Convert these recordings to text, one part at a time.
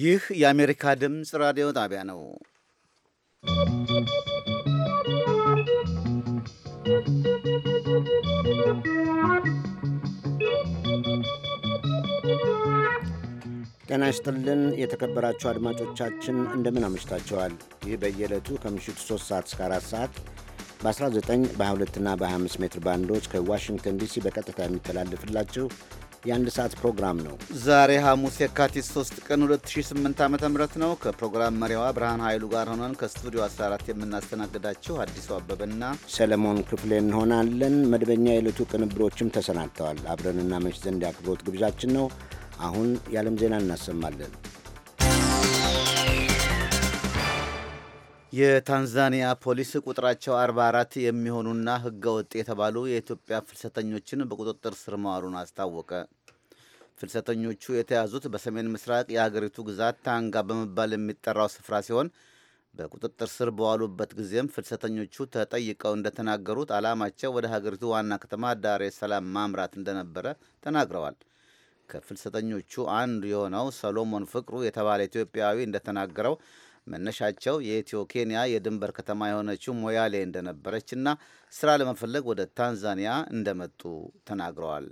ይህ የአሜሪካ ድምፅ ራዲዮ ጣቢያ ነው። ጤና ይስጥልን የተከበራችሁ አድማጮቻችን እንደምን አመሽታችኋል? ይህ በየዕለቱ ከምሽቱ 3 ሰዓት እስከ 4 ሰዓት በ19 22 በ25 ሜትር ባንዶች ከዋሽንግተን ዲሲ በቀጥታ የሚተላለፍላችሁ የአንድ ሰዓት ፕሮግራም ነው። ዛሬ ሐሙስ የካቲት 3 ቀን 2008 ዓ ም ነው። ከፕሮግራም መሪዋ ብርሃን ኃይሉ ጋር ሆነን ከስቱዲዮ 14 የምናስተናግዳችሁ አዲሱ አበበና ሰለሞን ክፍሌ እንሆናለን። መደበኛ የዕለቱ ቅንብሮችም ተሰናድተዋል። አብረንና መሽ ዘንድ የአክብሮት ግብዣችን ነው። አሁን የዓለም ዜና እናሰማለን። የታንዛኒያ ፖሊስ ቁጥራቸው 44 የሚሆኑና ህገወጥ የተባሉ የኢትዮጵያ ፍልሰተኞችን በቁጥጥር ስር መዋሉን አስታወቀ። ፍልሰተኞቹ የተያዙት በሰሜን ምስራቅ የአገሪቱ ግዛት ታንጋ በመባል የሚጠራው ስፍራ ሲሆን በቁጥጥር ስር በዋሉበት ጊዜም ፍልሰተኞቹ ተጠይቀው እንደተናገሩት ዓላማቸው ወደ ሀገሪቱ ዋና ከተማ ዳሬ ሰላም ማምራት እንደነበረ ተናግረዋል። ከፍልሰተኞቹ አንዱ የሆነው ሰሎሞን ፍቅሩ የተባለ ኢትዮጵያዊ እንደተናገረው መነሻቸው የኢትዮ ኬንያ የድንበር ከተማ የሆነችው ሞያሌ እንደነበረችና ስራ ለመፈለግ ወደ ታንዛኒያ እንደመጡ ተናግረዋል።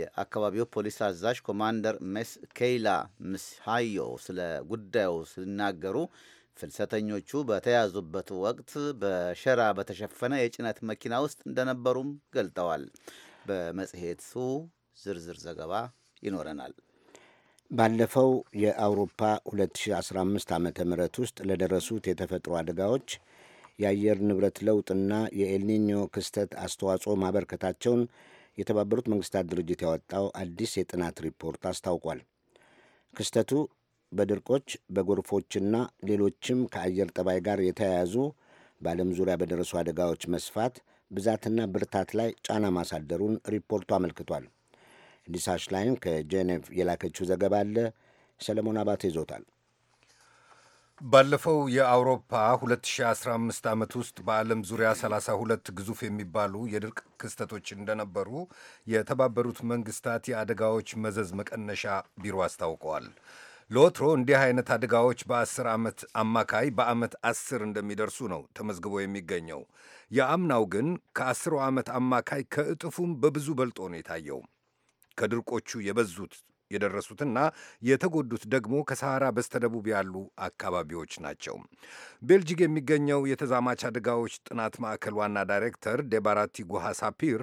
የአካባቢው ፖሊስ አዛዥ ኮማንደር ሜስ ኬይላ ምስሃዮ ስለ ጉዳዩ ሲናገሩ ፍልሰተኞቹ በተያዙበት ወቅት በሸራ በተሸፈነ የጭነት መኪና ውስጥ እንደነበሩም ገልጠዋል። በመጽሔቱ ዝርዝር ዘገባ ይኖረናል። ባለፈው የአውሮፓ 2015 ዓ ም ውስጥ ለደረሱት የተፈጥሮ አደጋዎች የአየር ንብረት ለውጥና የኤልኒኞ ክስተት አስተዋጽኦ ማበርከታቸውን የተባበሩት መንግስታት ድርጅት ያወጣው አዲስ የጥናት ሪፖርት አስታውቋል። ክስተቱ በድርቆች በጎርፎችና ሌሎችም ከአየር ጠባይ ጋር የተያያዙ በዓለም ዙሪያ በደረሱ አደጋዎች መስፋት ብዛትና ብርታት ላይ ጫና ማሳደሩን ሪፖርቱ አመልክቷል። ሊሳሽ ላይን ከጄኔቭ የላከችው ዘገባ አለ። ሰለሞን አባተ ይዞታል። ባለፈው የአውሮፓ 2015 ዓመት ውስጥ በዓለም ዙሪያ 32 ግዙፍ የሚባሉ የድርቅ ክስተቶች እንደነበሩ የተባበሩት መንግስታት የአደጋዎች መዘዝ መቀነሻ ቢሮ አስታውቀዋል። ለወትሮ እንዲህ አይነት አደጋዎች በአስር ዓመት አማካይ በዓመት አስር እንደሚደርሱ ነው ተመዝግቦ የሚገኘው። የአምናው ግን ከአስሩ ዓመት አማካይ ከእጥፉም በብዙ በልጦ ነው የታየውም። ከድርቆቹ የበዙት የደረሱትና የተጎዱት ደግሞ ከሰሃራ በስተደቡብ ያሉ አካባቢዎች ናቸው። ቤልጂክ የሚገኘው የተዛማች አደጋዎች ጥናት ማዕከል ዋና ዳይሬክተር ዴባራቲ ጉሃ ሳፒር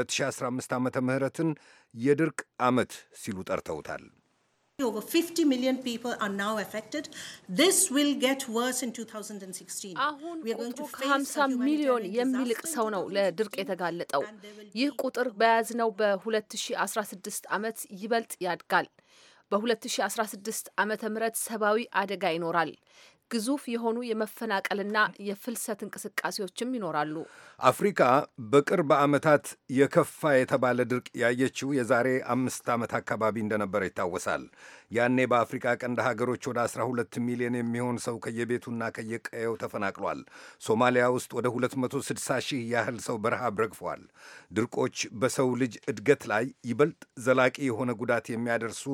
2015 ዓ ምህረትን የድርቅ ዓመት ሲሉ ጠርተውታል። Over 50 million people are now affected. This will get worse in 2016. አሁን ቁጥሩ ከ50 ሚሊዮን የሚልቅ ሰው ነው ለድርቅ የተጋለጠው። ይህ ቁጥር በያዝነው በ2016 ዓመት ይበልጥ ያድጋል። በ2016 ዓመተ ምህረት ሰብአዊ አደጋ ይኖራል። ግዙፍ የሆኑ የመፈናቀልና የፍልሰት እንቅስቃሴዎችም ይኖራሉ። አፍሪካ በቅርብ ዓመታት የከፋ የተባለ ድርቅ ያየችው የዛሬ አምስት ዓመት አካባቢ እንደነበረ ይታወሳል። ያኔ በአፍሪካ ቀንድ ሀገሮች ወደ 12 ሚሊዮን የሚሆን ሰው ከየቤቱና ከየቀየው ተፈናቅሏል። ሶማሊያ ውስጥ ወደ 260 ሺህ ያህል ሰው በረሃብ ረግፏል። ድርቆች በሰው ልጅ እድገት ላይ ይበልጥ ዘላቂ የሆነ ጉዳት የሚያደርሱ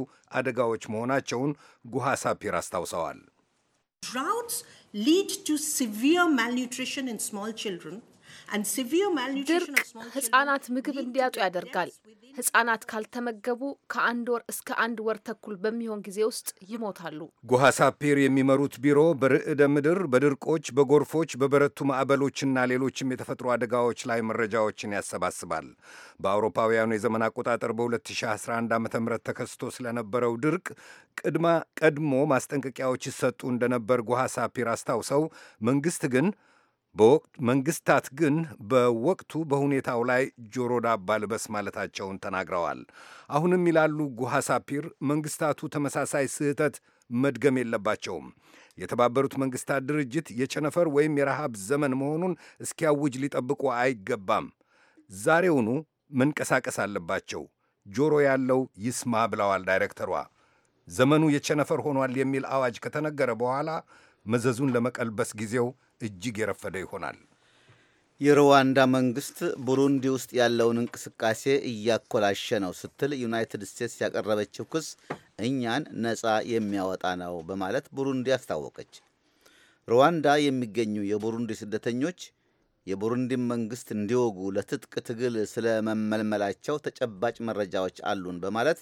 አደጋዎች መሆናቸውን ጉሃ ሳፒር አስታውሰዋል። Droughts lead to severe malnutrition in small children ድርቅ ህጻናት ምግብ እንዲያጡ ያደርጋል። ህጻናት ካልተመገቡ ከአንድ ወር እስከ አንድ ወር ተኩል በሚሆን ጊዜ ውስጥ ይሞታሉ። ጉሃ ሳፒር የሚመሩት ቢሮ በርዕደ ምድር፣ በድርቆች፣ በጎርፎች፣ በበረቱ ማዕበሎችና ሌሎችም የተፈጥሮ አደጋዎች ላይ መረጃዎችን ያሰባስባል። በአውሮፓውያኑ የዘመን አቆጣጠር በ2011 ዓ ም ተከስቶ ስለነበረው ድርቅ ቅድማ ቀድሞ ማስጠንቀቂያዎች ይሰጡ እንደነበር ጉሃ ሳፒር አስታውሰው መንግስት ግን በወቅት መንግስታት ግን በወቅቱ በሁኔታው ላይ ጆሮ ዳባ ልበስ ማለታቸውን ተናግረዋል። አሁንም ይላሉ ጉሃ ሳፒር፣ መንግስታቱ ተመሳሳይ ስህተት መድገም የለባቸውም። የተባበሩት መንግስታት ድርጅት የቸነፈር ወይም የረሃብ ዘመን መሆኑን እስኪያውጅ ሊጠብቁ አይገባም። ዛሬውኑ መንቀሳቀስ አለባቸው። ጆሮ ያለው ይስማ ብለዋል ዳይሬክተሯ። ዘመኑ የቸነፈር ሆኗል የሚል አዋጅ ከተነገረ በኋላ መዘዙን ለመቀልበስ ጊዜው እጅግ የረፈደ ይሆናል። የሩዋንዳ መንግስት ቡሩንዲ ውስጥ ያለውን እንቅስቃሴ እያኮላሸ ነው ስትል ዩናይትድ ስቴትስ ያቀረበችው ክስ እኛን ነጻ የሚያወጣ ነው በማለት ቡሩንዲ አስታወቀች። ሩዋንዳ የሚገኙ የቡሩንዲ ስደተኞች የቡሩንዲን መንግስት እንዲወጉ ለትጥቅ ትግል ስለመመልመላቸው ተጨባጭ መረጃዎች አሉን በማለት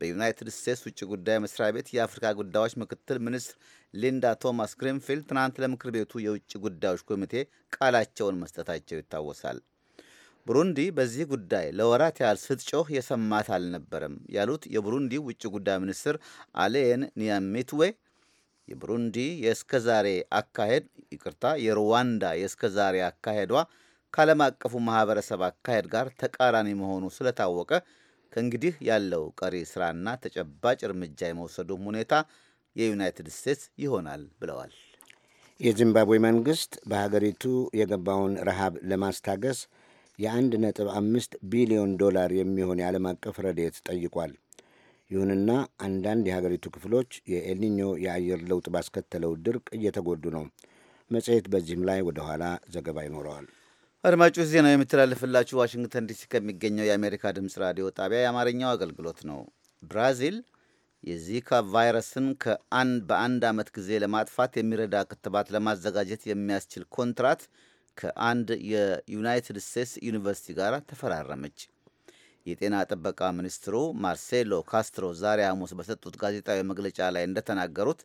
በዩናይትድ ስቴትስ ውጭ ጉዳይ መስሪያ ቤት የአፍሪካ ጉዳዮች ምክትል ሚኒስትር ሊንዳ ቶማስ ግሪንፊልድ ትናንት ለምክር ቤቱ የውጭ ጉዳዮች ኮሚቴ ቃላቸውን መስጠታቸው ይታወሳል። ቡሩንዲ በዚህ ጉዳይ ለወራት ያህል ስትጮህ የሰማት አልነበረም ያሉት የቡሩንዲ ውጭ ጉዳይ ሚኒስትር አሌን ኒያሚትዌ የቡሩንዲ የእስከዛሬ አካሄድ ይቅርታ፣ የሩዋንዳ የእስከዛሬ አካሄዷ ከዓለም አቀፉ ማህበረሰብ አካሄድ ጋር ተቃራኒ መሆኑ ስለታወቀ ከእንግዲህ ያለው ቀሪ ስራና ተጨባጭ እርምጃ የመውሰዱም ሁኔታ የዩናይትድ ስቴትስ ይሆናል ብለዋል። የዚምባብዌ መንግሥት በሀገሪቱ የገባውን ረሃብ ለማስታገስ የአንድ ነጥብ አምስት ቢሊዮን ዶላር የሚሆን የዓለም አቀፍ ረድኤት ጠይቋል። ይሁንና አንዳንድ የሀገሪቱ ክፍሎች የኤልኒኞ የአየር ለውጥ ባስከተለው ድርቅ እየተጎዱ ነው። መጽሔት በዚህም ላይ ወደ ኋላ ዘገባ ይኖረዋል። አድማጮች ዜናው የሚተላለፍላችሁ ዋሽንግተን ዲሲ ከሚገኘው የአሜሪካ ድምፅ ራዲዮ ጣቢያ የአማርኛው አገልግሎት ነው። ብራዚል የዚካ ቫይረስን ከአንድ በአንድ ዓመት ጊዜ ለማጥፋት የሚረዳ ክትባት ለማዘጋጀት የሚያስችል ኮንትራት ከአንድ የዩናይትድ ስቴትስ ዩኒቨርሲቲ ጋር ተፈራረመች። የጤና ጥበቃ ሚኒስትሩ ማርሴሎ ካስትሮ ዛሬ ሐሙስ በሰጡት ጋዜጣዊ መግለጫ ላይ እንደተናገሩት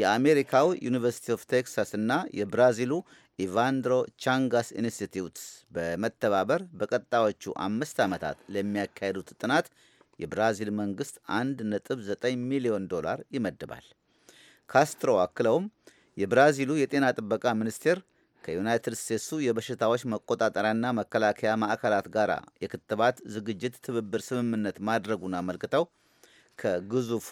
የአሜሪካው ዩኒቨርሲቲ ኦፍ ቴክሳስ እና የብራዚሉ ኢቫንድሮ ቻንጋስ ኢንስቲትዩት በመተባበር በቀጣዮቹ አምስት ዓመታት ለሚያካሄዱት ጥናት የብራዚል መንግሥት 1.9 ሚሊዮን ዶላር ይመድባል። ካስትሮ አክለውም የብራዚሉ የጤና ጥበቃ ሚኒስቴር ከዩናይትድ ስቴትሱ የበሽታዎች መቆጣጠሪያና መከላከያ ማዕከላት ጋር የክትባት ዝግጅት ትብብር ስምምነት ማድረጉን አመልክተው ከግዙፉ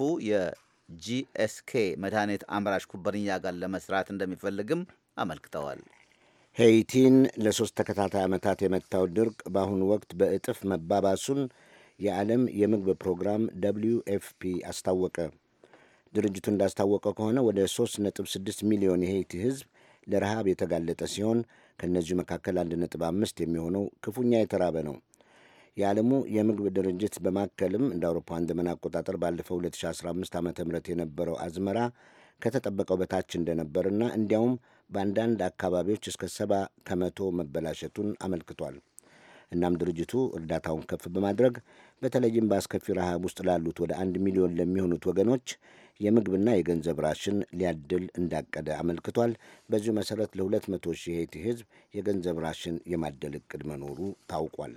ጂኤስኬ መድኃኒት አምራች ኩባንያ ጋር ለመስራት እንደሚፈልግም አመልክተዋል። ሄይቲን ለሶስት ተከታታይ ዓመታት የመታው ድርቅ በአሁኑ ወቅት በእጥፍ መባባሱን የዓለም የምግብ ፕሮግራም ደብልዩ ኤፍፒ አስታወቀ። ድርጅቱ እንዳስታወቀ ከሆነ ወደ 3.6 ሚሊዮን የሄይቲ ሕዝብ ለረሃብ የተጋለጠ ሲሆን ከእነዚሁ መካከል 1.5 የሚሆነው ክፉኛ የተራበ ነው። የዓለሙ የምግብ ድርጅት በማከልም እንደ አውሮፓውያን ዘመን አቆጣጠር ባለፈው 2015 ዓ ም የነበረው አዝመራ ከተጠበቀው በታች እንደነበርና እንዲያውም በአንዳንድ አካባቢዎች እስከ ሰባ ከመቶ መበላሸቱን አመልክቷል። እናም ድርጅቱ እርዳታውን ከፍ በማድረግ በተለይም በአስከፊ ረሃብ ውስጥ ላሉት ወደ አንድ ሚሊዮን ለሚሆኑት ወገኖች የምግብና የገንዘብ ራሽን ሊያድል እንዳቀደ አመልክቷል። በዚሁ መሠረት ለ200 ሺህ የሄይቲ ሕዝብ የገንዘብ ራሽን የማደል እቅድ መኖሩ ታውቋል።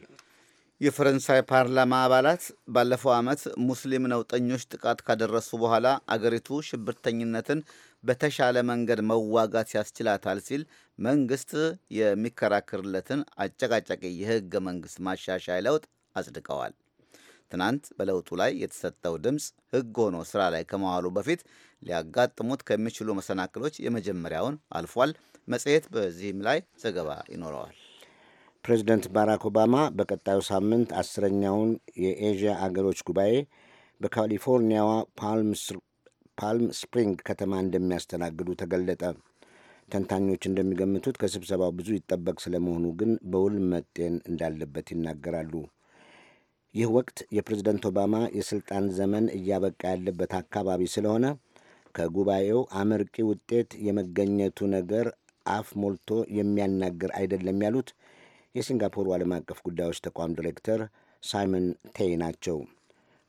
የፈረንሳይ ፓርላማ አባላት ባለፈው ዓመት ሙስሊም ነውጠኞች ጥቃት ካደረሱ በኋላ አገሪቱ ሽብርተኝነትን በተሻለ መንገድ መዋጋት ያስችላታል ሲል መንግስት የሚከራከርለትን አጨቃጫቂ የህገ መንግስት ማሻሻያ ለውጥ አጽድቀዋል። ትናንት በለውጡ ላይ የተሰጠው ድምፅ ህግ ሆኖ ስራ ላይ ከመዋሉ በፊት ሊያጋጥሙት ከሚችሉ መሰናክሎች የመጀመሪያውን አልፏል። መጽሔት በዚህም ላይ ዘገባ ይኖረዋል። ፕሬዚደንት ባራክ ኦባማ በቀጣዩ ሳምንት አስረኛውን የኤዥያ አገሮች ጉባኤ በካሊፎርኒያዋ ፓልም ስፕሪንግ ከተማ እንደሚያስተናግዱ ተገለጠ። ተንታኞች እንደሚገምቱት ከስብሰባው ብዙ ይጠበቅ ስለመሆኑ ግን በውል መጤን እንዳለበት ይናገራሉ። ይህ ወቅት የፕሬዝደንት ኦባማ የሥልጣን ዘመን እያበቃ ያለበት አካባቢ ስለሆነ ከጉባኤው አመርቂ ውጤት የመገኘቱ ነገር አፍ ሞልቶ የሚያናግር አይደለም ያሉት የሲንጋፖሩ ዓለም አቀፍ ጉዳዮች ተቋም ዲሬክተር ሳይመን ቴይ ናቸው።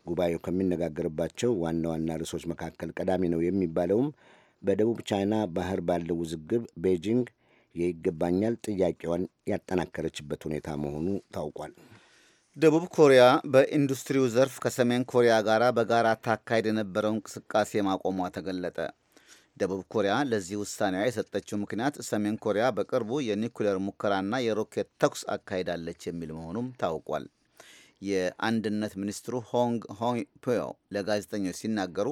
ጉባኤው ከሚነጋገርባቸው ዋና ዋና ርዕሶች መካከል ቀዳሚ ነው የሚባለውም በደቡብ ቻይና ባህር ባለው ውዝግብ ቤጂንግ የይገባኛል ጥያቄዋን ያጠናከረችበት ሁኔታ መሆኑ ታውቋል። ደቡብ ኮሪያ በኢንዱስትሪው ዘርፍ ከሰሜን ኮሪያ ጋር በጋራ ታካሄድ የነበረው እንቅስቃሴ ማቆሟ ተገለጠ። ደቡብ ኮሪያ ለዚህ ውሳኔ የሰጠችው ምክንያት ሰሜን ኮሪያ በቅርቡ የኒኩሌር ሙከራና የሮኬት ተኩስ አካሂዳለች የሚል መሆኑም ታውቋል። የአንድነት ሚኒስትሩ ሆንግ ሆንፒዮ ለጋዜጠኞች ሲናገሩ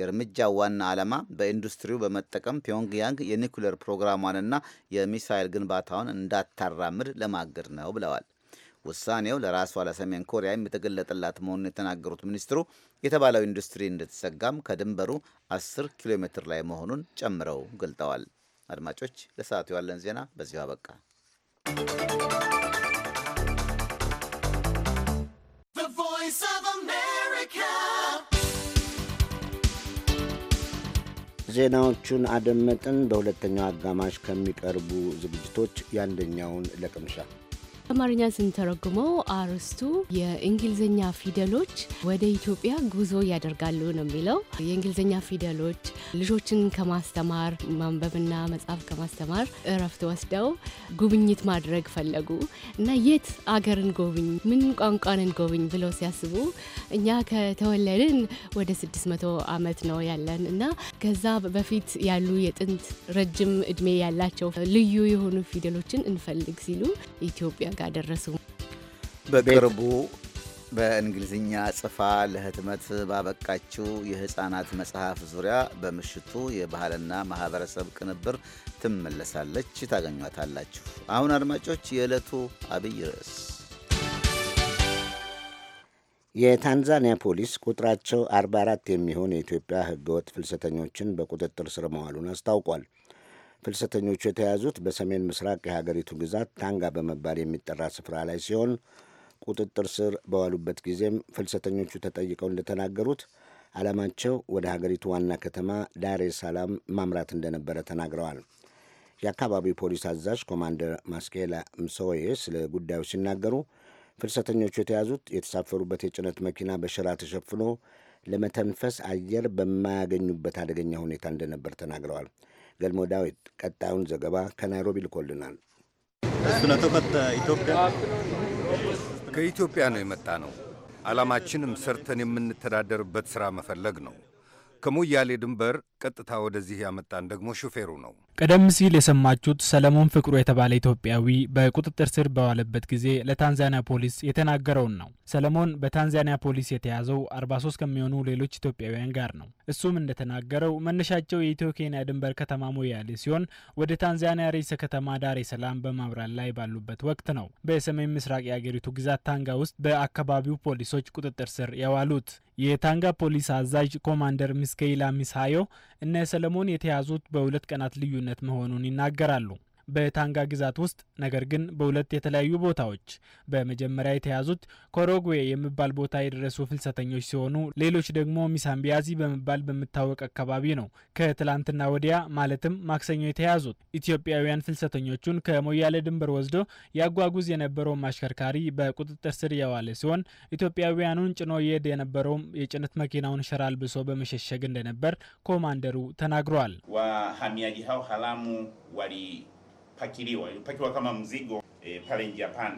የእርምጃው ዋና ዓላማ በኢንዱስትሪው በመጠቀም ፒዮንግያንግ የኒኩሌር ፕሮግራሟንና የሚሳይል ግንባታውን እንዳታራምድ ለማገድ ነው ብለዋል። ውሳኔው ለራሷ ለሰሜን ኮሪያ የተገለጠላት መሆኑን የተናገሩት ሚኒስትሩ የተባለው ኢንዱስትሪ እንደተዘጋም ከድንበሩ 10 ኪሎ ሜትር ላይ መሆኑን ጨምረው ገልጠዋል። አድማጮች፣ ለሰዓቱ ያለን ዜና በዚሁ አበቃ። ዜናዎቹን አደመጥን። በሁለተኛው አጋማሽ ከሚቀርቡ ዝግጅቶች የአንደኛውን ለቅምሻ አማርኛ ስንተረጉመው አርስቱ የእንግሊዝኛ ፊደሎች ወደ ኢትዮጵያ ጉዞ ያደርጋሉ ነው የሚለው። የእንግሊዝኛ ፊደሎች ልጆችን ከማስተማር ማንበብና መጻፍ ከማስተማር እረፍት ወስደው ጉብኝት ማድረግ ፈለጉ እና የት አገርን ጎብኝ፣ ምን ቋንቋንን ጎብኝ ብለው ሲያስቡ እኛ ከተወለድን ወደ 600 ዓመት ነው ያለን እና ከዛ በፊት ያሉ የጥንት ረጅም እድሜ ያላቸው ልዩ የሆኑ ፊደሎችን እንፈልግ ሲሉ ኢትዮጵያ ጋር ደረሱ። በቅርቡ በእንግሊዝኛ ጽፋ ለህትመት ባበቃችው የህፃናት መጽሐፍ ዙሪያ በምሽቱ የባህልና ማህበረሰብ ቅንብር ትመለሳለች፣ ታገኟታላችሁ። አሁን አድማጮች፣ የዕለቱ አብይ ርዕስ የታንዛኒያ ፖሊስ ቁጥራቸው 44 የሚሆን የኢትዮጵያ ህገወጥ ፍልሰተኞችን በቁጥጥር ስር መዋሉን አስታውቋል። ፍልሰተኞቹ የተያዙት በሰሜን ምስራቅ የሀገሪቱ ግዛት ታንጋ በመባል የሚጠራ ስፍራ ላይ ሲሆን ቁጥጥር ስር በዋሉበት ጊዜም ፍልሰተኞቹ ተጠይቀው እንደተናገሩት ዓላማቸው ወደ ሀገሪቱ ዋና ከተማ ዳሬ ሰላም ማምራት እንደነበረ ተናግረዋል። የአካባቢው ፖሊስ አዛዥ ኮማንደር ማስኬላ ምሶዬ ስለ ጉዳዩ ሲናገሩ ፍልሰተኞቹ የተያዙት የተሳፈሩበት የጭነት መኪና በሸራ ተሸፍኖ ለመተንፈስ አየር በማያገኙበት አደገኛ ሁኔታ እንደነበር ተናግረዋል። ገልሞ ዳዊት ቀጣዩን ዘገባ ከናይሮቢ ልኮልናል። ከኢትዮጵያ ነው የመጣ ነው። ዓላማችንም ሰርተን የምንተዳደርበት ሥራ መፈለግ ነው። ከሞያሌ ድንበር ቀጥታ ወደዚህ ያመጣን ደግሞ ሹፌሩ ነው። ቀደም ሲል የሰማችሁት ሰለሞን ፍቅሩ የተባለ ኢትዮጵያዊ በቁጥጥር ስር በዋለበት ጊዜ ለታንዛኒያ ፖሊስ የተናገረውን ነው። ሰለሞን በታንዛኒያ ፖሊስ የተያዘው 43 ከሚሆኑ ሌሎች ኢትዮጵያውያን ጋር ነው። እሱም እንደተናገረው መነሻቸው የኢትዮ ኬንያ ድንበር ከተማ ሞያሌ ሲሆን ወደ ታንዛኒያ ርዕሰ ከተማ ዳሬ ሰላም በማብራት ላይ ባሉበት ወቅት ነው በሰሜን ምስራቅ የአገሪቱ ግዛት ታንጋ ውስጥ በአካባቢው ፖሊሶች ቁጥጥር ስር የዋሉት። የታንጋ ፖሊስ አዛዥ ኮማንደር ሚስኬይላ ሚስሃዮ እነ ሰለሞን የተያዙት በሁለት ቀናት ልዩነት መሆኑን ይናገራሉ። በታንጋ ግዛት ውስጥ ነገር ግን በሁለት የተለያዩ ቦታዎች በመጀመሪያ የተያዙት ኮሮጉዌ የሚባል ቦታ የደረሱ ፍልሰተኞች ሲሆኑ ሌሎች ደግሞ ሚሳምቢያዚ በመባል በምታወቅ አካባቢ ነው ከትላንትና ወዲያ ማለትም ማክሰኞ የተያዙት። ኢትዮጵያውያን ፍልሰተኞቹን ከሞያሌ ድንበር ወስዶ ያጓጉዝ የነበረውም አሽከርካሪ በቁጥጥር ስር የዋለ ሲሆን ኢትዮጵያውያኑን ጭኖ የሄድ የነበረውም የጭነት መኪናውን ሸራ አልብሶ በመሸሸግ እንደነበር ኮማንደሩ ተናግረዋል። wahamiaji hao ሀላሙ wali ilipakiwa ilipakiwa kama mzigo e, pale njia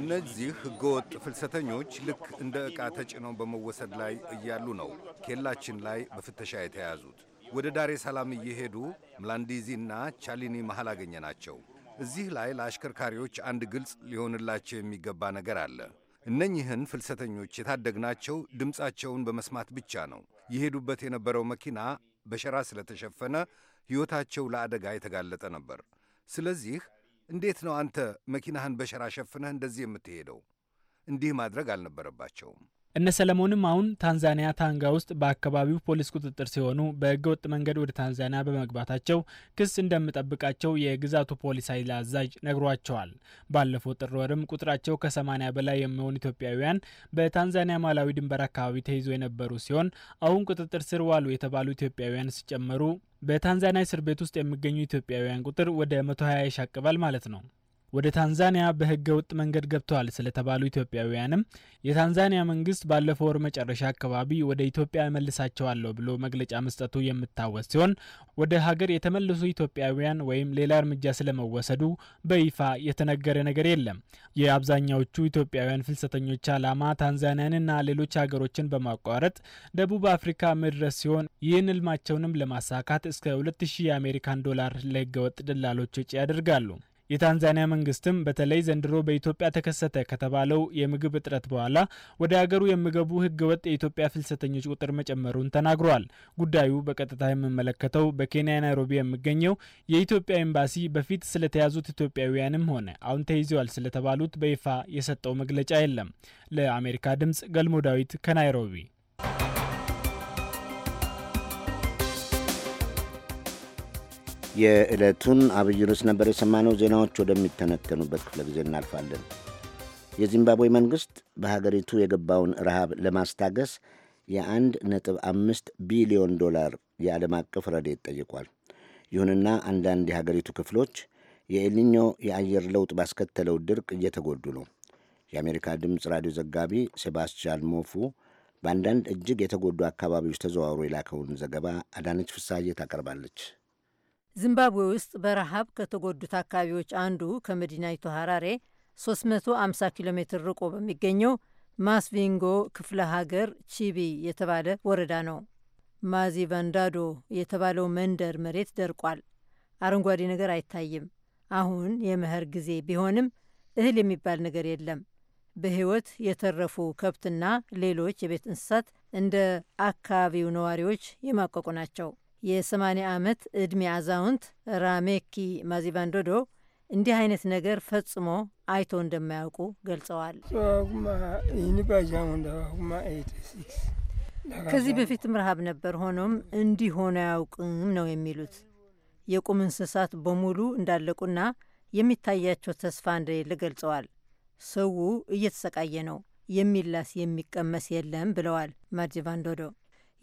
እነዚህ ህገወጥ ፍልሰተኞች ልክ እንደ ዕቃ ተጭነው በመወሰድ ላይ እያሉ ነው ኬላችን ላይ በፍተሻ የተያዙት። ወደ ዳሬ ሰላም እየሄዱ ምላንዲዚና ቻሊኒ መሃል አገኘ ናቸው። እዚህ ላይ ለአሽከርካሪዎች አንድ ግልጽ ሊሆንላቸው የሚገባ ነገር አለ። እነኚህን ፍልሰተኞች የታደግናቸው ድምፃቸውን በመስማት ብቻ ነው። የሄዱበት የነበረው መኪና በሸራ ስለተሸፈነ ሕይወታቸው ለአደጋ የተጋለጠ ነበር። ስለዚህ እንዴት ነው አንተ መኪናህን በሸራ ሸፍነህ እንደዚህ የምትሄደው? እንዲህ ማድረግ አልነበረባቸውም። እነ ሰለሞንም አሁን ታንዛኒያ ታንጋ ውስጥ በአካባቢው ፖሊስ ቁጥጥር ሲሆኑ በህገወጥ መንገድ ወደ ታንዛኒያ በመግባታቸው ክስ እንደሚጠብቃቸው የግዛቱ ፖሊስ ኃይል አዛዥ ነግሯቸዋል። ባለፈው ጥር ወርም ቁጥራቸው ከ80 በላይ የሚሆኑ ኢትዮጵያውያን በታንዛኒያ ማላዊ ድንበር አካባቢ ተይዞ የነበሩ ሲሆን አሁን ቁጥጥር ስር ዋሉ የተባሉ ኢትዮጵያውያን ሲጨመሩ በታንዛኒያ እስር ቤት ውስጥ የሚገኙ ኢትዮጵያውያን ቁጥር ወደ 120 ያሻቅባል ማለት ነው። ወደ ታንዛኒያ በህገ ወጥ መንገድ ገብተዋል ስለተባሉ ኢትዮጵያውያንም የታንዛኒያ መንግስት ባለፈው ወር መጨረሻ አካባቢ ወደ ኢትዮጵያ መልሳቸዋለሁ ብሎ መግለጫ መስጠቱ የሚታወስ ሲሆን ወደ ሀገር የተመለሱ ኢትዮጵያውያን ወይም ሌላ እርምጃ ስለመወሰዱ በይፋ የተነገረ ነገር የለም። የአብዛኛዎቹ ኢትዮጵያውያን ፍልሰተኞች ዓላማ ታንዛኒያንና ሌሎች ሀገሮችን በማቋረጥ ደቡብ አፍሪካ መድረስ ሲሆን ይህን ህልማቸውንም ለማሳካት እስከ 2000 የአሜሪካን ዶላር ለህገወጥ ደላሎች ወጪ ያደርጋሉ። የታንዛኒያ መንግስትም በተለይ ዘንድሮ በኢትዮጵያ ተከሰተ ከተባለው የምግብ እጥረት በኋላ ወደ ሀገሩ የሚገቡ ህገወጥ የኢትዮጵያ ፍልሰተኞች ቁጥር መጨመሩን ተናግሯል። ጉዳዩ በቀጥታ የምመለከተው በኬንያ ናይሮቢ የሚገኘው የኢትዮጵያ ኤምባሲ በፊት ስለተያዙት ኢትዮጵያውያንም ሆነ አሁን ተይዘዋል ስለተባሉት በይፋ የሰጠው መግለጫ የለም። ለአሜሪካ ድምጽ ገልሞ ዳዊት ከናይሮቢ የዕለቱን አብይ ርዕስ ነበር የሰማነው። ዜናዎች ወደሚተነተኑበት ክፍለ ጊዜ እናልፋለን። የዚምባብዌ መንግሥት በሀገሪቱ የገባውን ረሃብ ለማስታገስ የአንድ ነጥብ አምስት ቢሊዮን ዶላር የዓለም አቀፍ ረዴት ጠይቋል። ይሁንና አንዳንድ የሀገሪቱ ክፍሎች የኤልኒኞ የአየር ለውጥ ባስከተለው ድርቅ እየተጎዱ ነው። የአሜሪካ ድምፅ ራዲዮ ዘጋቢ ሴባስቲያን ሞፉ በአንዳንድ እጅግ የተጎዱ አካባቢዎች ተዘዋውሮ የላከውን ዘገባ አዳነች ፍሳዬ ታቀርባለች። ዚምባብዌ ውስጥ በረሃብ ከተጎዱት አካባቢዎች አንዱ ከመዲናይቱ ሀራሬ 350 ኪሎ ሜትር ርቆ በሚገኘው ማስቪንጎ ክፍለ ሀገር ቺቢ የተባለ ወረዳ ነው። ማዚ ቫንዳዶ የተባለው መንደር መሬት ደርቋል። አረንጓዴ ነገር አይታይም። አሁን የመኸር ጊዜ ቢሆንም እህል የሚባል ነገር የለም። በሕይወት የተረፉ ከብትና ሌሎች የቤት እንስሳት እንደ አካባቢው ነዋሪዎች የማቀቁ ናቸው። የ80 ዓመት ዕድሜ አዛውንት ራሜኪ ማዚቫንዶዶ እንዲህ አይነት ነገር ፈጽሞ አይቶ እንደማያውቁ ገልጸዋል። ከዚህ በፊትም ረሃብ ነበር፣ ሆኖም እንዲህ ሆኖ አያውቅም ነው የሚሉት። የቁም እንስሳት በሙሉ እንዳለቁና የሚታያቸው ተስፋ እንደሌለ ገልጸዋል። ሰው እየተሰቃየ ነው፣ የሚላስ የሚቀመስ የለም ብለዋል ማጂቫንዶዶ።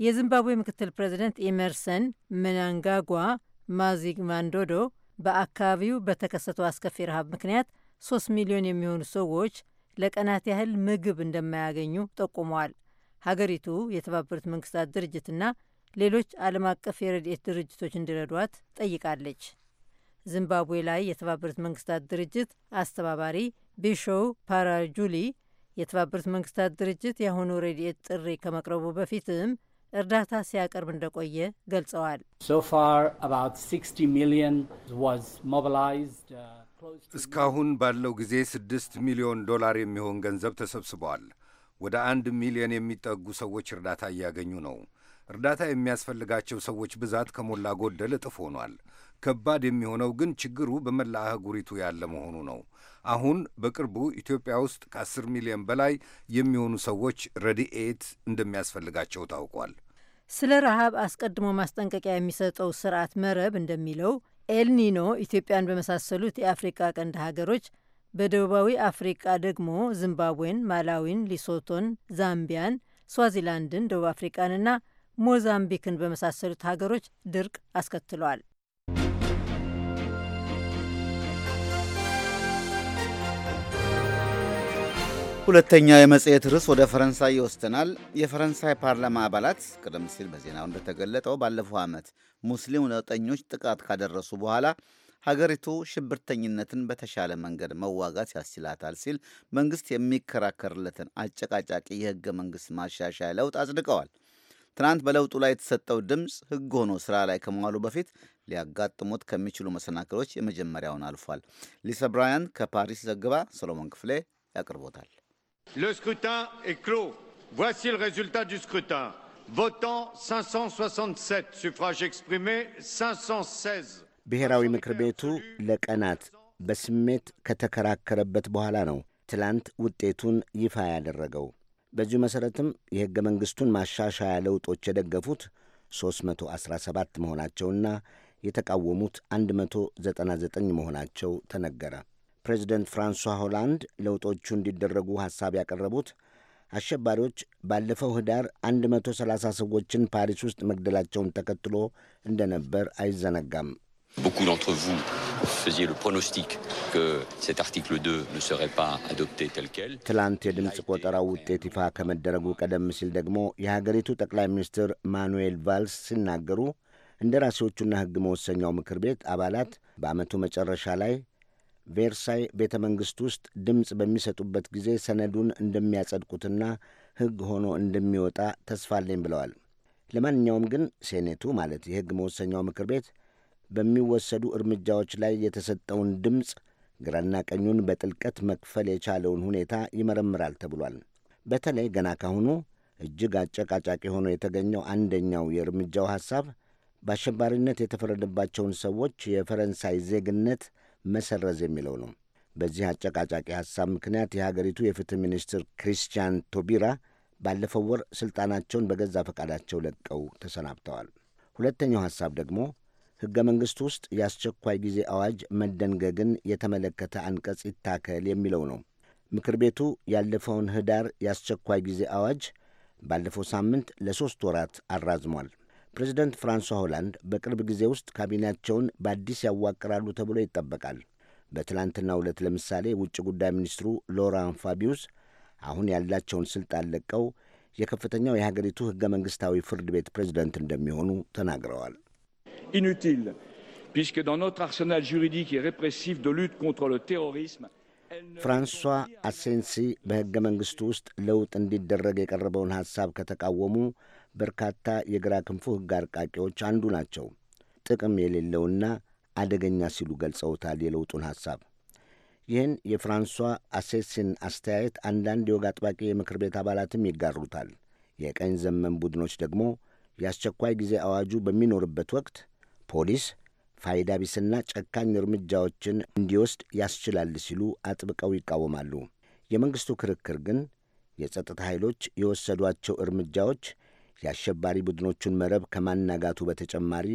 የዚምባብዌ ምክትል ፕሬዚደንት ኤመርሰን ምናንጋጓ ማንዶዶ በአካባቢው በተከሰተው አስከፊ ረሃብ ምክንያት ሶስት ሚሊዮን የሚሆኑ ሰዎች ለቀናት ያህል ምግብ እንደማያገኙ ጠቁመዋል። ሀገሪቱ የተባበሩት መንግስታት ድርጅትና ሌሎች ዓለም አቀፍ የረድኤት ድርጅቶች እንዲረዷት ጠይቃለች። ዚምባብዌ ላይ የተባበሩት መንግስታት ድርጅት አስተባባሪ ቢሾው ፓራጁሊ የተባበሩት መንግስታት ድርጅት የአሁኑ ረድኤት ጥሪ ከመቅረቡ በፊትም እርዳታ ሲያቀርብ እንደቆየ ገልጸዋል። uh, እስካሁን ባለው ጊዜ ስድስት ሚሊዮን ዶላር የሚሆን ገንዘብ ተሰብስበዋል። ወደ አንድ ሚሊዮን የሚጠጉ ሰዎች እርዳታ እያገኙ ነው። እርዳታ የሚያስፈልጋቸው ሰዎች ብዛት ከሞላ ጎደል እጥፍ ሆኗል። ከባድ የሚሆነው ግን ችግሩ በመላ አህጉሪቱ ያለ መሆኑ ነው። አሁን በቅርቡ ኢትዮጵያ ውስጥ ከ ከአስር ሚሊዮን በላይ የሚሆኑ ሰዎች ረድኤት እንደሚያስፈልጋቸው ታውቋል። ስለ ረሃብ አስቀድሞ ማስጠንቀቂያ የሚሰጠው ስርዓት መረብ እንደሚለው ኤልኒኖ ኢትዮጵያን በመሳሰሉት የአፍሪካ ቀንድ ሀገሮች፣ በደቡባዊ አፍሪካ ደግሞ ዚምባብዌን፣ ማላዊን፣ ሊሶቶን፣ ዛምቢያን፣ ስዋዚላንድን፣ ደቡብ አፍሪቃንና ሞዛምቢክን በመሳሰሉት ሀገሮች ድርቅ አስከትሏል። ሁለተኛ የመጽሔት ርዕስ ወደ ፈረንሳይ ይወስደናል። የፈረንሳይ ፓርላማ አባላት ቀደም ሲል በዜናው እንደተገለጠው ባለፈው ዓመት ሙስሊም ነውጠኞች ጥቃት ካደረሱ በኋላ ሀገሪቱ ሽብርተኝነትን በተሻለ መንገድ መዋጋት ያስችላታል ሲል መንግስት የሚከራከርለትን አጨቃጫቂ የህገ መንግስት ማሻሻያ ለውጥ አጽድቀዋል። ትናንት በለውጡ ላይ የተሰጠው ድምፅ ህግ ሆኖ ስራ ላይ ከመዋሉ በፊት ሊያጋጥሙት ከሚችሉ መሰናክሎች የመጀመሪያውን አልፏል። ሊሰ ብራያን ከፓሪስ ዘግባ ሰሎሞን ክፍሌ ያቅርቦታል። Le scrutin est clos. Voici le résultat du scrutin. Votant 567, suffrage exprimé 516. ብሔራዊ ምክር ቤቱ ለቀናት በስሜት ከተከራከረበት በኋላ ነው ትላንት ውጤቱን ይፋ ያደረገው። በዚሁ መሠረትም የሕገ መንግሥቱን ማሻሻያ ለውጦች የደገፉት 317 መሆናቸውና የተቃወሙት 199 መሆናቸው ተነገረ። ፕሬዚደንት ፍራንሷ ሆላንድ ለውጦቹ እንዲደረጉ ሐሳብ ያቀረቡት አሸባሪዎች ባለፈው ህዳር 130 ሰዎችን ፓሪስ ውስጥ መግደላቸውን ተከትሎ እንደነበር አይዘነጋም። Beaucoup d'entre vous faisiez le pronostic que cet article 2 ne serait pas adopté tel quel. ትላንት የድምፅ ቆጠራው ውጤት ይፋ ከመደረጉ ቀደም ሲል ደግሞ የሀገሪቱ ጠቅላይ ሚኒስትር ማኑኤል ቫልስ ሲናገሩ እንደ ራሴዎቹና ሕግ መወሰኛው ምክር ቤት አባላት በዓመቱ መጨረሻ ላይ ቬርሳይ ቤተ መንግሥት ውስጥ ድምፅ በሚሰጡበት ጊዜ ሰነዱን እንደሚያጸድቁትና ሕግ ሆኖ እንደሚወጣ ተስፋ ብለዋል። ለማንኛውም ግን ሴኔቱ ማለት የሕግ መወሰኛው ምክር ቤት በሚወሰዱ እርምጃዎች ላይ የተሰጠውን ድምፅ ግራና ቀኙን በጥልቀት መክፈል የቻለውን ሁኔታ ይመረምራል ተብሏል። በተለይ ገና ካሁኑ እጅግ አጨቃጫቂ ሆኖ የተገኘው አንደኛው የእርምጃው ሐሳብ በአሸባሪነት የተፈረደባቸውን ሰዎች የፈረንሳይ ዜግነት መሰረዝ የሚለው ነው። በዚህ አጨቃጫቂ ሐሳብ ምክንያት የሀገሪቱ የፍትህ ሚኒስትር ክሪስቲያን ቶቢራ ባለፈው ወር ሥልጣናቸውን በገዛ ፈቃዳቸው ለቀው ተሰናብተዋል። ሁለተኛው ሐሳብ ደግሞ ሕገ መንግሥት ውስጥ የአስቸኳይ ጊዜ አዋጅ መደንገግን የተመለከተ አንቀጽ ይታከል የሚለው ነው። ምክር ቤቱ ያለፈውን ኅዳር የአስቸኳይ ጊዜ አዋጅ ባለፈው ሳምንት ለሦስት ወራት አራዝሟል። ፕሬዚደንት ፍራንሷ ሆላንድ በቅርብ ጊዜ ውስጥ ካቢኔያቸውን በአዲስ ያዋቅራሉ ተብሎ ይጠበቃል። በትላንትና ዕለት ለምሳሌ ውጭ ጉዳይ ሚኒስትሩ ሎራን ፋቢዩስ አሁን ያላቸውን ስልጣን ለቀው የከፍተኛው የሀገሪቱ ህገ መንግስታዊ ፍርድ ቤት ፕሬዚደንት እንደሚሆኑ ተናግረዋል። ኢኑቲል ፒስክ ዳን ኖትር አርሰናል ጁሪዲክ ሬፕሬሲቭ ደ ሉት ኮንትር ለ ቴሮሪስም ፍራንሷ አሴንሲ በሕገ መንግሥቱ ውስጥ ለውጥ እንዲደረግ የቀረበውን ሐሳብ ከተቃወሙ በርካታ የግራ ክንፉ ሕግ አርቃቂዎች አንዱ ናቸው። ጥቅም የሌለውና አደገኛ ሲሉ ገልጸውታል የለውጡን ሐሳብ። ይህን የፍራንሷ አሴሲን አስተያየት አንዳንድ የወግ አጥባቂ የምክር ቤት አባላትም ይጋሩታል። የቀኝ ዘመን ቡድኖች ደግሞ የአስቸኳይ ጊዜ አዋጁ በሚኖርበት ወቅት ፖሊስ ፋይዳ ቢስና ጨካኝ እርምጃዎችን እንዲወስድ ያስችላል ሲሉ አጥብቀው ይቃወማሉ። የመንግሥቱ ክርክር ግን የጸጥታ ኃይሎች የወሰዷቸው እርምጃዎች የአሸባሪ ቡድኖቹን መረብ ከማናጋቱ በተጨማሪ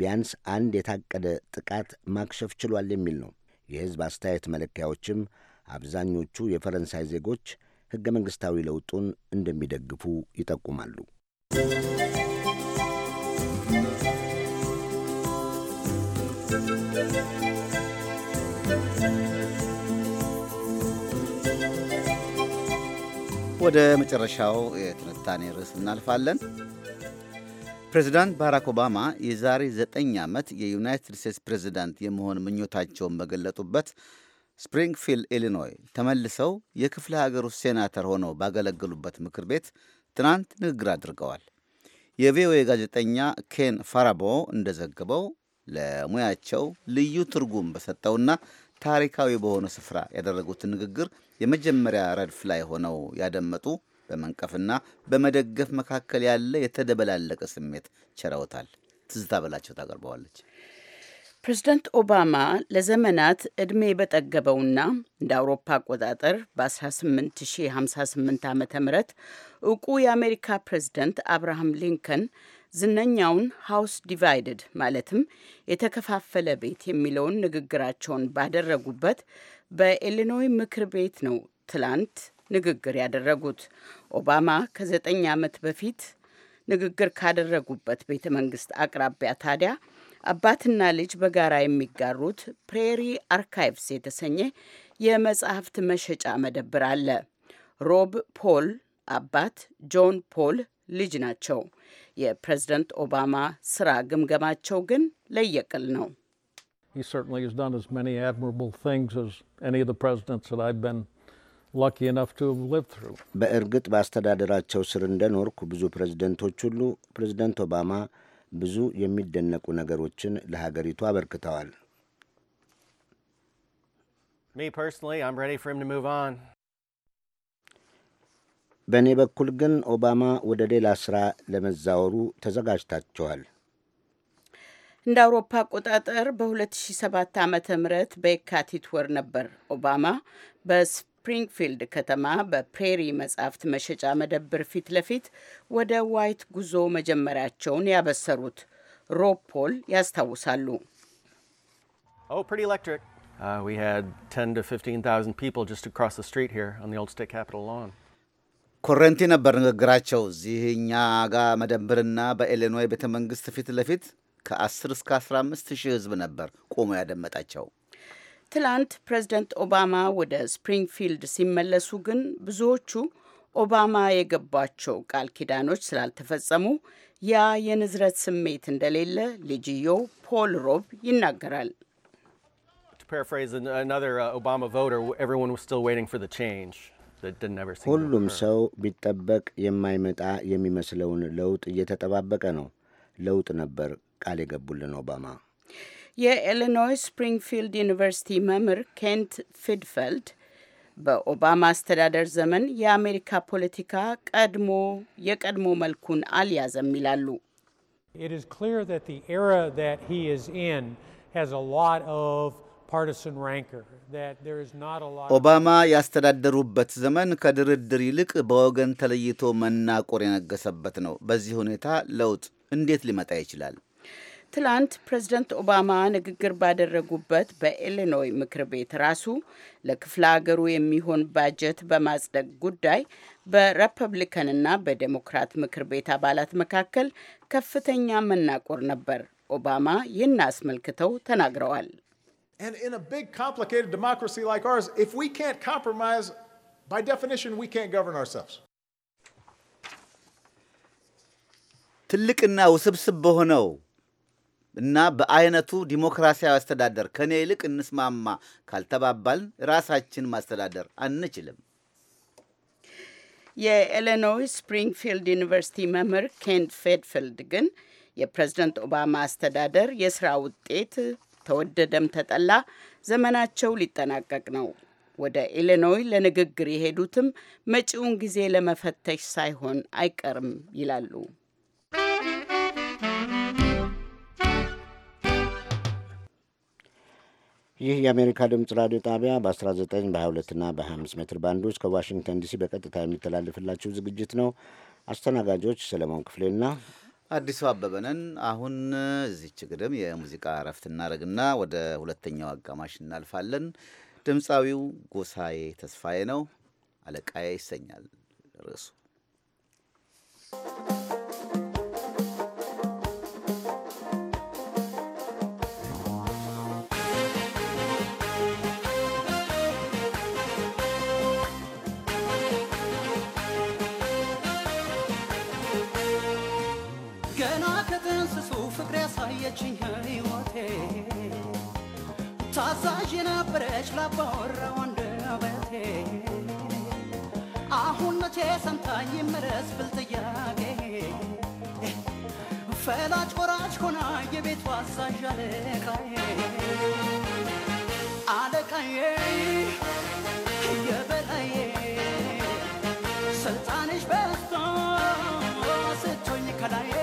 ቢያንስ አንድ የታቀደ ጥቃት ማክሸፍ ችሏል የሚል ነው። የሕዝብ አስተያየት መለኪያዎችም አብዛኞቹ የፈረንሳይ ዜጎች ሕገ መንግሥታዊ ለውጡን እንደሚደግፉ ይጠቁማሉ። Thank you. ወደ መጨረሻው የትንታኔ ርዕስ እናልፋለን። ፕሬዚዳንት ባራክ ኦባማ የዛሬ ዘጠኝ ዓመት የዩናይትድ ስቴትስ ፕሬዚዳንት የመሆን ምኞታቸውን በገለጡበት ስፕሪንግፊልድ ኢሊኖይ ተመልሰው የክፍለ ሀገር ውስጥ ሴናተር ሆነው ባገለገሉበት ምክር ቤት ትናንት ንግግር አድርገዋል። የቪኦኤ ጋዜጠኛ ኬን ፋራቦ እንደዘገበው ለሙያቸው ልዩ ትርጉም በሰጠውና ታሪካዊ በሆነ ስፍራ ያደረጉትን ንግግር የመጀመሪያ ረድፍ ላይ ሆነው ያደመጡ በመንቀፍና በመደገፍ መካከል ያለ የተደበላለቀ ስሜት ቸረውታል። ትዝታ በላቸው ታቀርበዋለች። ፕሬዚደንት ኦባማ ለዘመናት ዕድሜ በጠገበውና እንደ አውሮፓ አቆጣጠር በ1858 ዓ ም እውቁ የአሜሪካ ፕሬዚደንት አብርሃም ሊንከን ዝነኛውን ሃውስ ዲቫይድድ ማለትም የተከፋፈለ ቤት የሚለውን ንግግራቸውን ባደረጉበት በኢሊኖይ ምክር ቤት ነው ትላንት ንግግር ያደረጉት። ኦባማ ከዘጠኝ ዓመት በፊት ንግግር ካደረጉበት ቤተ መንግስት አቅራቢያ ታዲያ አባትና ልጅ በጋራ የሚጋሩት ፕሬሪ አርካይቭስ የተሰኘ የመጽሐፍት መሸጫ መደብር አለ። ሮብ ፖል አባት ጆን ፖል ልጅ ናቸው። የፕሬዝደንት ኦባማ ስራ ግምገማቸው ግን ለየቅል ነው። በእርግጥ በአስተዳደራቸው ስር እንደኖርኩ ብዙ ፕሬዝደንቶች ሁሉ ፕሬዝደንት ኦባማ ብዙ የሚደነቁ ነገሮችን ለሀገሪቱ አበርክተዋል። በእኔ በኩል ግን ኦባማ ወደ ሌላ ስራ ለመዛወሩ ተዘጋጅታቸዋል። እንደ አውሮፓ አቆጣጠር በ2007 ዓ ም በየካቲት ወር ነበር ኦባማ በስፕሪንግፊልድ ከተማ በፕሬሪ መጻሕፍት መሸጫ መደብር ፊት ለፊት ወደ ዋይት ጉዞ መጀመሪያቸውን ያበሰሩት። ሮብ ፖል ያስታውሳሉ። ኤሌክትሪክ oh, ኮረንቲ ነበር ንግግራቸው። እዚህ እኛ ጋ መደብርና በኢሊኖይ ቤተ መንግስት ፊት ለፊት ከ10 እስከ 15 ሺህ ህዝብ ነበር ቆሞ ያደመጣቸው። ትላንት ፕሬዚደንት ኦባማ ወደ ስፕሪንግፊልድ ሲመለሱ ግን ብዙዎቹ ኦባማ የገቧቸው ቃል ኪዳኖች ስላልተፈጸሙ ያ የንዝረት ስሜት እንደሌለ ልጅየው ፖል ሮብ ይናገራል። To paraphrase another uh, Obama voter, everyone was still waiting for the change. ሁሉም ሰው ቢጠበቅ የማይመጣ የሚመስለውን ለውጥ እየተጠባበቀ ነው። ለውጥ ነበር ቃል የገቡልን ኦባማ። የኢሊኖይ ስፕሪንግፊልድ ዩኒቨርሲቲ መምህር ኬንት ፊድፈልድ በኦባማ አስተዳደር ዘመን የአሜሪካ ፖለቲካ ቀድሞ የቀድሞ መልኩን አልያዘም ይላሉ። It is clear that the era that he is in has a lot of ኦባማ ያስተዳደሩበት ዘመን ከድርድር ይልቅ በወገን ተለይቶ መናቆር የነገሰበት ነው። በዚህ ሁኔታ ለውጥ እንዴት ሊመጣ ይችላል? ትላንት ፕሬዝደንት ኦባማ ንግግር ባደረጉበት በኢሊኖይ ምክር ቤት ራሱ ለክፍለ ሀገሩ የሚሆን ባጀት በማጽደቅ ጉዳይ በሪፐብሊካንና በዴሞክራት ምክር ቤት አባላት መካከል ከፍተኛ መናቆር ነበር። ኦባማ ይህን አስመልክተው ተናግረዋል። And in a big, complicated democracy like ours, if we can't compromise, by definition, we can't govern ourselves. ትልቅና ውስብስብ በሆነው እና በአይነቱ ዲሞክራሲያዊ አስተዳደር ከኔ ይልቅ እንስማማ ካልተባባልን ራሳችን ማስተዳደር አንችልም። የኢሊኖይ ስፕሪንግፊልድ ዩኒቨርሲቲ መምህር ኬንት ፌድፊልድ ግን የፕሬዝደንት ኦባማ አስተዳደር የስራ ውጤት ተወደደም ተጠላ ዘመናቸው ሊጠናቀቅ ነው። ወደ ኢሊኖይ ለንግግር የሄዱትም መጪውን ጊዜ ለመፈተሽ ሳይሆን አይቀርም ይላሉ። ይህ የአሜሪካ ድምፅ ራዲዮ ጣቢያ በ19 22 እና በ25 ሜትር ባንዶች ከዋሽንግተን ዲሲ በቀጥታ የሚተላለፍላችሁ ዝግጅት ነው። አስተናጋጆች ሰለሞን ክፍሌና አዲሱ አበበነን አሁን እዚች ግድም የሙዚቃ እረፍት እናደርግና ወደ ሁለተኛው አጋማሽ እናልፋለን። ድምፃዊው ጎሳዬ ተስፋዬ ነው። አለቃዬ ይሰኛል ርዕሱ። ታዛዥ የነበረች ላባወራው አንደበቴ አሁን መቼ ሰምታኝ ይመለስ ብል ጥያቄ ፈላጭ ወራጭ ሆና የቤቱ አዛዥ አለቃዬ አለቃዬ የበላዬ ስልጣንሽ በዝቶ ስቶኝ ከላዬ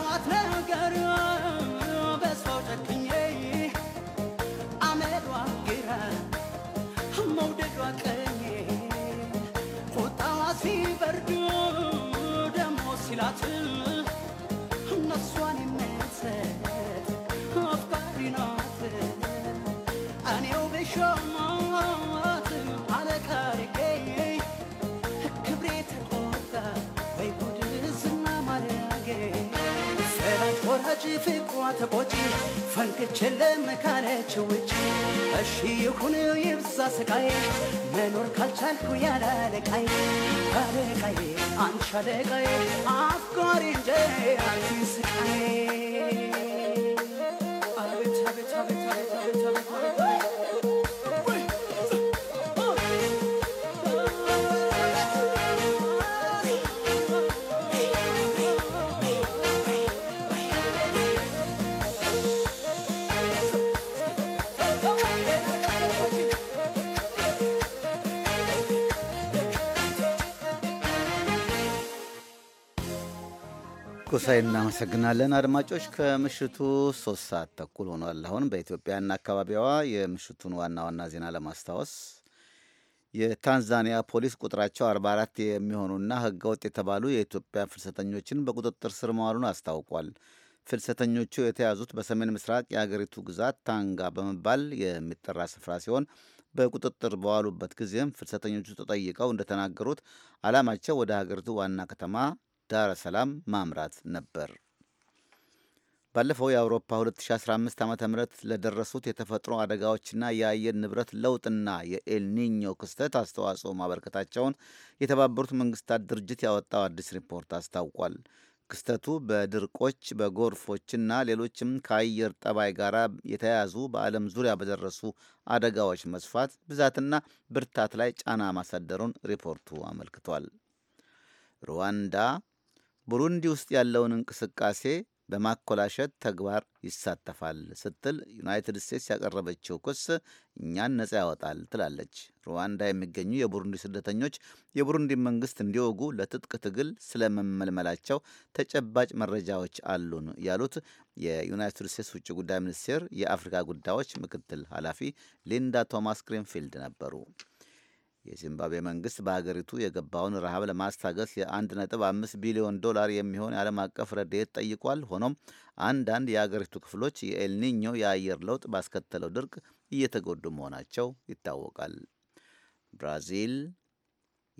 battle ፍቅሯ ተቆጪ ፈንክቼ ለመካለች ውጪ እሺ ይሁን ይብዛ ስቃዬ መኖር ካልቻልኩ ያለ አለቃዬ አለቃዬ አንቺ አለቃዬ አፍቃሪ እንጂ አንቺ ስቃዬ ጎሳይ እናመሰግናለን። አድማጮች ከምሽቱ ሶስት ሰዓት ተኩል ሆኗል። አሁን በኢትዮጵያና አካባቢዋ የምሽቱን ዋና ዋና ዜና ለማስታወስ የታንዛኒያ ፖሊስ ቁጥራቸው 44 የሚሆኑና ህገወጥ የተባሉ የኢትዮጵያ ፍልሰተኞችን በቁጥጥር ስር መዋሉን አስታውቋል። ፍልሰተኞቹ የተያዙት በሰሜን ምስራቅ የአገሪቱ ግዛት ታንጋ በመባል የሚጠራ ስፍራ ሲሆን በቁጥጥር በዋሉበት ጊዜም ፍልሰተኞቹ ተጠይቀው እንደተናገሩት ዓላማቸው ወደ ሀገሪቱ ዋና ከተማ ዳረ ሰላም ማምራት ነበር። ባለፈው የአውሮፓ 2015 ዓ ም ለደረሱት የተፈጥሮ አደጋዎችና የአየር ንብረት ለውጥና የኤልኒኞ ክስተት አስተዋጽኦ ማበርከታቸውን የተባበሩት መንግስታት ድርጅት ያወጣው አዲስ ሪፖርት አስታውቋል። ክስተቱ በድርቆች በጎርፎችና ሌሎችም ከአየር ጠባይ ጋር የተያያዙ በዓለም ዙሪያ በደረሱ አደጋዎች መስፋት ብዛትና ብርታት ላይ ጫና ማሳደሩን ሪፖርቱ አመልክቷል። ሩዋንዳ ቡሩንዲ ውስጥ ያለውን እንቅስቃሴ በማኮላሸት ተግባር ይሳተፋል ስትል ዩናይትድ ስቴትስ ያቀረበችው ክስ እኛን ነጻ ያወጣል ትላለች። ሩዋንዳ የሚገኙ የቡሩንዲ ስደተኞች የቡሩንዲ መንግስት እንዲወጉ ለትጥቅ ትግል ስለመመልመላቸው ተጨባጭ መረጃዎች አሉን ያሉት የዩናይትድ ስቴትስ ውጭ ጉዳይ ሚኒስቴር የአፍሪካ ጉዳዮች ምክትል ኃላፊ ሊንዳ ቶማስ ግሪንፊልድ ነበሩ። የዚምባብዌ መንግስት በሀገሪቱ የገባውን ረሃብ ለማስታገስ የ1.5 ቢሊዮን ዶላር የሚሆን የዓለም አቀፍ ረድኤት ጠይቋል። ሆኖም አንዳንድ የአገሪቱ ክፍሎች የኤልኒኞ የአየር ለውጥ ባስከተለው ድርቅ እየተጎዱ መሆናቸው ይታወቃል። ብራዚል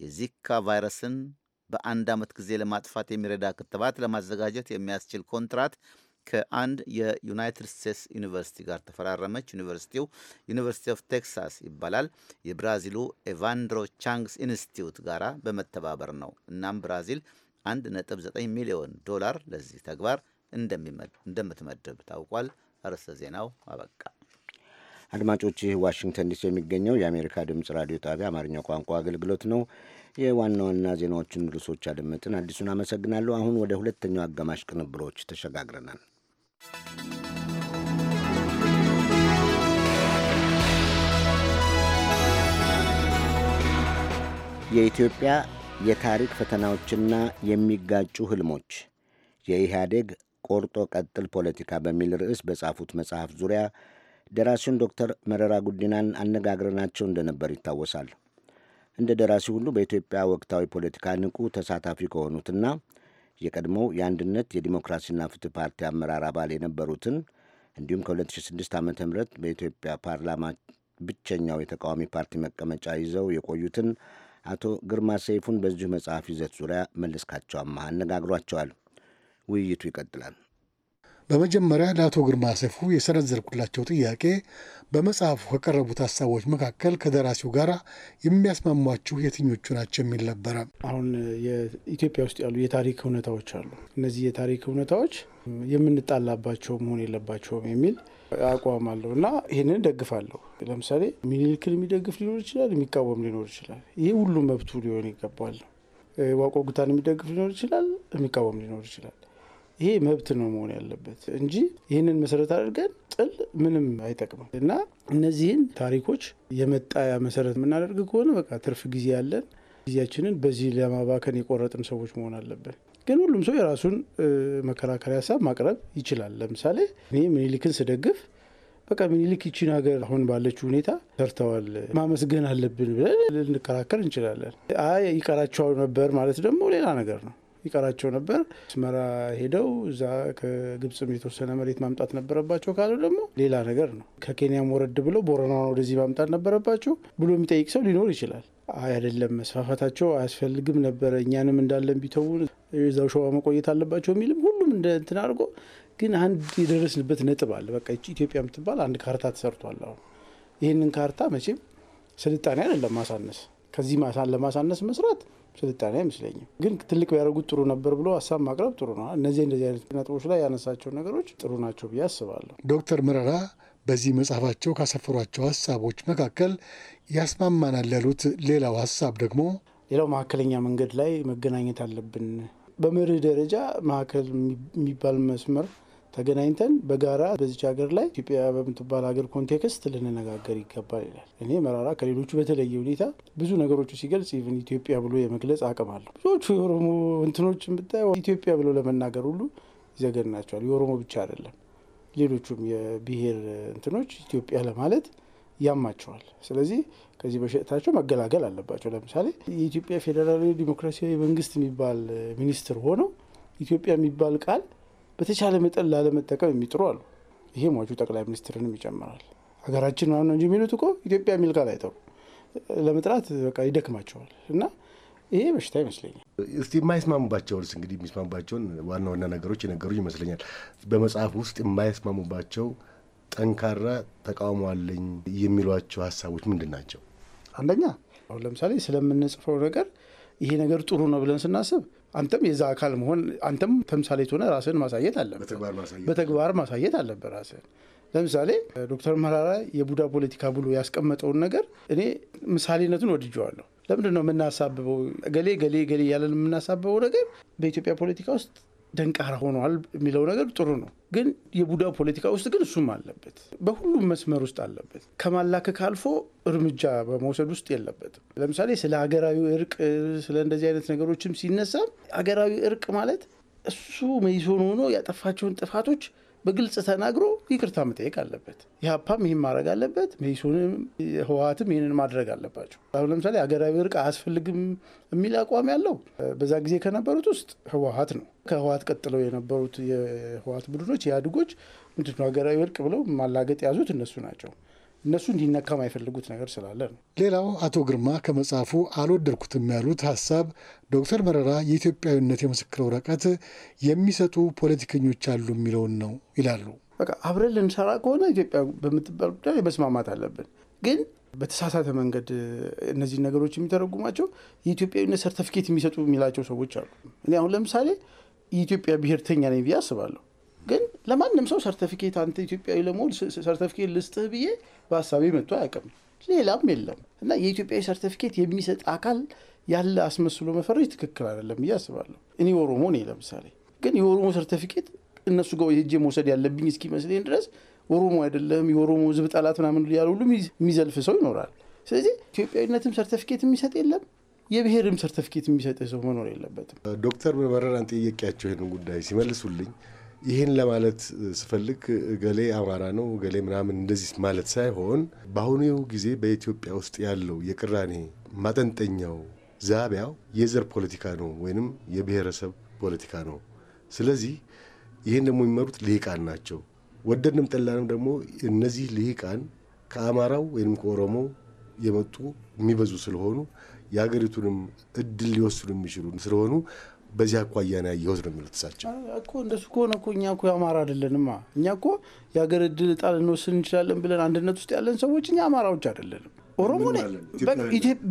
የዚካ ቫይረስን በአንድ ዓመት ጊዜ ለማጥፋት የሚረዳ ክትባት ለማዘጋጀት የሚያስችል ኮንትራት ከአንድ የዩናይትድ ስቴትስ ዩኒቨርሲቲ ጋር ተፈራረመች። ዩኒቨርሲቲው ዩኒቨርሲቲ ኦፍ ቴክሳስ ይባላል። የብራዚሉ ኤቫንድሮ ቻንግስ ኢንስቲትዩት ጋር በመተባበር ነው። እናም ብራዚል 1.9 ሚሊዮን ዶላር ለዚህ ተግባር እንደምትመድብ ታውቋል። ርዕሰ ዜናው አበቃ። አድማጮች፣ ይህ ዋሽንግተን ዲሲ የሚገኘው የአሜሪካ ድምፅ ራዲዮ ጣቢያ አማርኛ ቋንቋ አገልግሎት ነው። የዋና ዋና ዜናዎችን ርዕሶች አደመጥን። አዲሱን አመሰግናለሁ። አሁን ወደ ሁለተኛው አጋማሽ ቅንብሮች ተሸጋግረናል። የኢትዮጵያ የታሪክ ፈተናዎችና የሚጋጩ ህልሞች የኢህአዴግ ቆርጦ ቀጥል ፖለቲካ በሚል ርዕስ በጻፉት መጽሐፍ ዙሪያ ደራሲውን ዶክተር መረራ ጉዲናን አነጋግረናቸው እንደነበር ይታወሳል። እንደ ደራሲ ሁሉ በኢትዮጵያ ወቅታዊ ፖለቲካ ንቁ ተሳታፊ ከሆኑትና የቀድሞው የአንድነት የዲሞክራሲና ፍትህ ፓርቲ አመራር አባል የነበሩትን እንዲሁም ከ2006 ዓ ም በኢትዮጵያ ፓርላማ ብቸኛው የተቃዋሚ ፓርቲ መቀመጫ ይዘው የቆዩትን አቶ ግርማ ሰይፉን በዚሁ መጽሐፍ ይዘት ዙሪያ መለስካቸው አመሃ አነጋግሯቸዋል። ውይይቱ ይቀጥላል። በመጀመሪያ ለአቶ ግርማ ሰይፉ የሰነዘርኩላቸው ጥያቄ በመጽሐፉ ከቀረቡት ሀሳቦች መካከል ከደራሲው ጋር የሚያስማሟችሁ የትኞቹ ናቸው የሚል ነበረ። አሁን የኢትዮጵያ ውስጥ ያሉ የታሪክ እውነታዎች አሉ። እነዚህ የታሪክ እውነታዎች የምንጣላባቸው መሆን የለባቸውም የሚል አቋም አለው እና ይህንን ደግፋለሁ። ለምሳሌ ሚኒልክን የሚደግፍ ሊኖር ይችላል፣ የሚቃወም ሊኖር ይችላል። ይህ ሁሉም መብቱ ሊሆን ይገባል። ዋቆ ጉታን የሚደግፍ ሊኖር ይችላል፣ የሚቃወም ሊኖር ይችላል። ይሄ መብት ነው መሆን ያለበት እንጂ ይህንን መሰረት አድርገን ጥል ምንም አይጠቅምም እና እነዚህን ታሪኮች የመጣያ መሰረት የምናደርግ ከሆነ በቃ ትርፍ ጊዜ ያለን ጊዜያችንን በዚህ ለማባከን የቆረጥን ሰዎች መሆን አለብን። ግን ሁሉም ሰው የራሱን መከራከሪያ ሀሳብ ማቅረብ ይችላል። ለምሳሌ እኔ ምኒልክን ስደግፍ በቃ ምኒልክ ይችን ሀገር አሁን ባለችው ሁኔታ ሰርተዋል ማመስገን አለብን ብለን ልንከራከር እንችላለን። አይ ይቀራቸዋል ነበር ማለት ደግሞ ሌላ ነገር ነው። ይቀራቸው ነበር። አስመራ ሄደው እዛ ከግብፅም የተወሰነ መሬት ማምጣት ነበረባቸው። ካለ ደግሞ ሌላ ነገር ነው። ከኬንያም ወረድ ብለው ቦረና ወደዚህ ማምጣት ነበረባቸው ብሎ የሚጠይቅ ሰው ሊኖር ይችላል። አይ አይደለም፣ መስፋፋታቸው አያስፈልግም ነበረ፣ እኛንም እንዳለን ቢተውን እዛው ሸዋ መቆየት አለባቸው የሚልም ሁሉም እንደ እንትን አድርጎ ግን አንድ የደረስንበት ነጥብ አለ። በቃ ኢትዮጵያ የምትባል አንድ ካርታ ተሰርቷል። አሁን ይህንን ካርታ መቼም ስልጣኔ አይደለም ማሳነስ ከዚህ ማሳን ለማሳነስ መስራት ስልጣኔ አይመስለኝም። ግን ትልቅ ቢያደርጉት ጥሩ ነበር ብሎ ሀሳብ ማቅረብ ጥሩ ነው። እነዚህ እንደዚህ አይነት ነጥቦች ላይ ያነሳቸው ነገሮች ጥሩ ናቸው ብዬ አስባለሁ። ዶክተር መረራ በዚህ መጽሐፋቸው ካሰፈሯቸው ሀሳቦች መካከል ያስማማናል ያሉት ሌላው ሀሳብ ደግሞ ሌላው መካከለኛ መንገድ ላይ መገናኘት አለብን። በመርህ ደረጃ መካከል የሚባል መስመር ተገናኝተን በጋራ በዚች ሀገር ላይ ኢትዮጵያ በምትባል ሀገር ኮንቴክስት ልንነጋገር ይገባል ይላል። እኔ መራራ ከሌሎቹ በተለየ ሁኔታ ብዙ ነገሮቹ ሲገልጽ ኢቨን ኢትዮጵያ ብሎ የመግለጽ አቅም አለው። ብዙዎቹ የኦሮሞ እንትኖች ብታይ ኢትዮጵያ ብሎ ለመናገር ሁሉ ይዘገናቸዋል። የኦሮሞ ብቻ አይደለም፣ ሌሎቹም የብሔር እንትኖች ኢትዮጵያ ለማለት ያማቸዋል። ስለዚህ ከዚህ በሽታቸው መገላገል አለባቸው። ለምሳሌ የኢትዮጵያ ፌዴራላዊ ዲሞክራሲያዊ መንግስት የሚባል ሚኒስትር ሆነው ኢትዮጵያ የሚባል ቃል በተቻለ መጠን ላለመጠቀም የሚጥሩ አሉ። ይሄ ሟቹ ጠቅላይ ሚኒስትርንም ይጨምራል። ሀገራችን ማን ነው እንጂ የሚሉት እኮ ኢትዮጵያ የሚል ቃል አይጠሩ ለመጥራት በቃ ይደክማቸዋል እና ይሄ በሽታ ይመስለኛል። እስቲ የማይስማሙባቸውን እንግዲህ የሚስማሙባቸውን ዋና ዋና ነገሮች የነገሩ ይመስለኛል። በመጽሐፍ ውስጥ የማይስማሙባቸው ጠንካራ ተቃውሞ አለኝ የሚሏቸው ሀሳቦች ምንድን ናቸው? አንደኛ አሁን ለምሳሌ ስለምንጽፈው ነገር ይሄ ነገር ጥሩ ነው ብለን ስናስብ አንተም የዛ አካል መሆን አንተም ተምሳሌት ሆነ ራስህን ማሳየት አለብህ፣ በተግባር ማሳየት አለብህ ራስህን። ለምሳሌ ዶክተር መራራ የቡዳ ፖለቲካ ብሎ ያስቀመጠውን ነገር እኔ ምሳሌነቱን ወድጀዋለሁ። ለምንድን ነው የምናሳብበው? ገሌ ገሌ ገሌ እያለን የምናሳብበው ነገር በኢትዮጵያ ፖለቲካ ውስጥ ደንቃራ ሆኗል የሚለው ነገር ጥሩ ነው፣ ግን የቡዳ ፖለቲካ ውስጥ ግን እሱም አለበት። በሁሉም መስመር ውስጥ አለበት። ከማላከክ አልፎ እርምጃ በመውሰድ ውስጥ የለበትም። ለምሳሌ ስለ ሀገራዊ እርቅ፣ ስለ እንደዚህ አይነት ነገሮችም ሲነሳ ሀገራዊ እርቅ ማለት እሱ መይሶን ሆኖ ያጠፋቸውን ጥፋቶች በግልጽ ተናግሮ ይቅርታ መጠየቅ አለበት። ኢህአፓም ይህን ማድረግ አለበት። መይሶንም ህወሀትም ይህንን ማድረግ አለባቸው። አሁን ለምሳሌ ሀገራዊ እርቅ አያስፈልግም የሚል አቋም ያለው በዛ ጊዜ ከነበሩት ውስጥ ህወሀት ነው። ከህዋት ቀጥለው የነበሩት የህዋት ቡድኖች የአድጎች ምንድ ነው ሀገራዊ እርቅ ብለው ማላገጥ የያዙት እነሱ ናቸው። እነሱ እንዲነካ የማይፈልጉት ነገር ስላለ ነው። ሌላው አቶ ግርማ ከመጽሐፉ አልወደድኩትም ያሉት ሀሳብ ዶክተር መረራ የኢትዮጵያዊነት የምስክር ወረቀት የሚሰጡ ፖለቲከኞች አሉ የሚለውን ነው ይላሉ። በቃ አብረን ልንሰራ ከሆነ ኢትዮጵያ በምትባል ጉዳይ መስማማት አለብን። ግን በተሳሳተ መንገድ እነዚህ ነገሮች የሚተረጉማቸው የኢትዮጵያዊነት ሰርተፊኬት የሚሰጡ የሚላቸው ሰዎች አሉ። እኔ አሁን ለምሳሌ የኢትዮጵያ ብሔርተኛ ነኝ ብዬ አስባለሁ። ግን ለማንም ሰው ሰርተፊኬት አንተ ኢትዮጵያዊ ለመሆን ሰርተፊኬት ልስጥህ ብዬ በሀሳቤ መጥቶ አያውቅም። ሌላም የለም እና የኢትዮጵያዊ ሰርተፊኬት የሚሰጥ አካል ያለ አስመስሎ መፈረጅ ትክክል አይደለም ብዬ አስባለሁ። እኔ ኦሮሞ ነኝ ለምሳሌ፣ ግን የኦሮሞ ሰርተፊኬት እነሱ ጋር ሄጄ መውሰድ ያለብኝ እስኪመስለኝ ድረስ ኦሮሞ አይደለም የኦሮሞ ዝብ ጠላት ምናምን ያለ ሁሉ የሚዘልፍ ሰው ይኖራል። ስለዚህ ኢትዮጵያዊነትም ሰርተፊኬት የሚሰጥ የለም የብሔርም ሰርተፍኬት የሚሰጥ ሰው መኖር የለበትም። ዶክተር መረራን ጠየቅኳቸው ይህንን ጉዳይ ሲመልሱልኝ ይህን ለማለት ስፈልግ ገሌ አማራ ነው ገሌ ምናምን እንደዚህ ማለት ሳይሆን በአሁኑ ጊዜ በኢትዮጵያ ውስጥ ያለው የቅራኔ ማጠንጠኛው ዛቢያው የዘር ፖለቲካ ነው ወይንም የብሔረሰብ ፖለቲካ ነው። ስለዚህ ይህን ደግሞ የሚመሩት ልሂቃን ናቸው። ወደድንም ጠላንም ደግሞ እነዚህ ልሂቃን ከአማራው ወይም ከኦሮሞ የመጡ የሚበዙ ስለሆኑ የሀገሪቱንም እድል ሊወስዱ የሚችሉ ስለሆኑ በዚህ አኳያ ነው ያየሁት ነው የሚሉት እሳቸው እኮ እንደሱ ከሆነ እኮ እኛ እኮ የአማራ አይደለንማ እኛ እኮ የሀገር እድል እጣ ልንወስድ እንችላለን ብለን አንድነት ውስጥ ያለን ሰዎች እኛ አማራዎች አይደለንም ኦሮሞ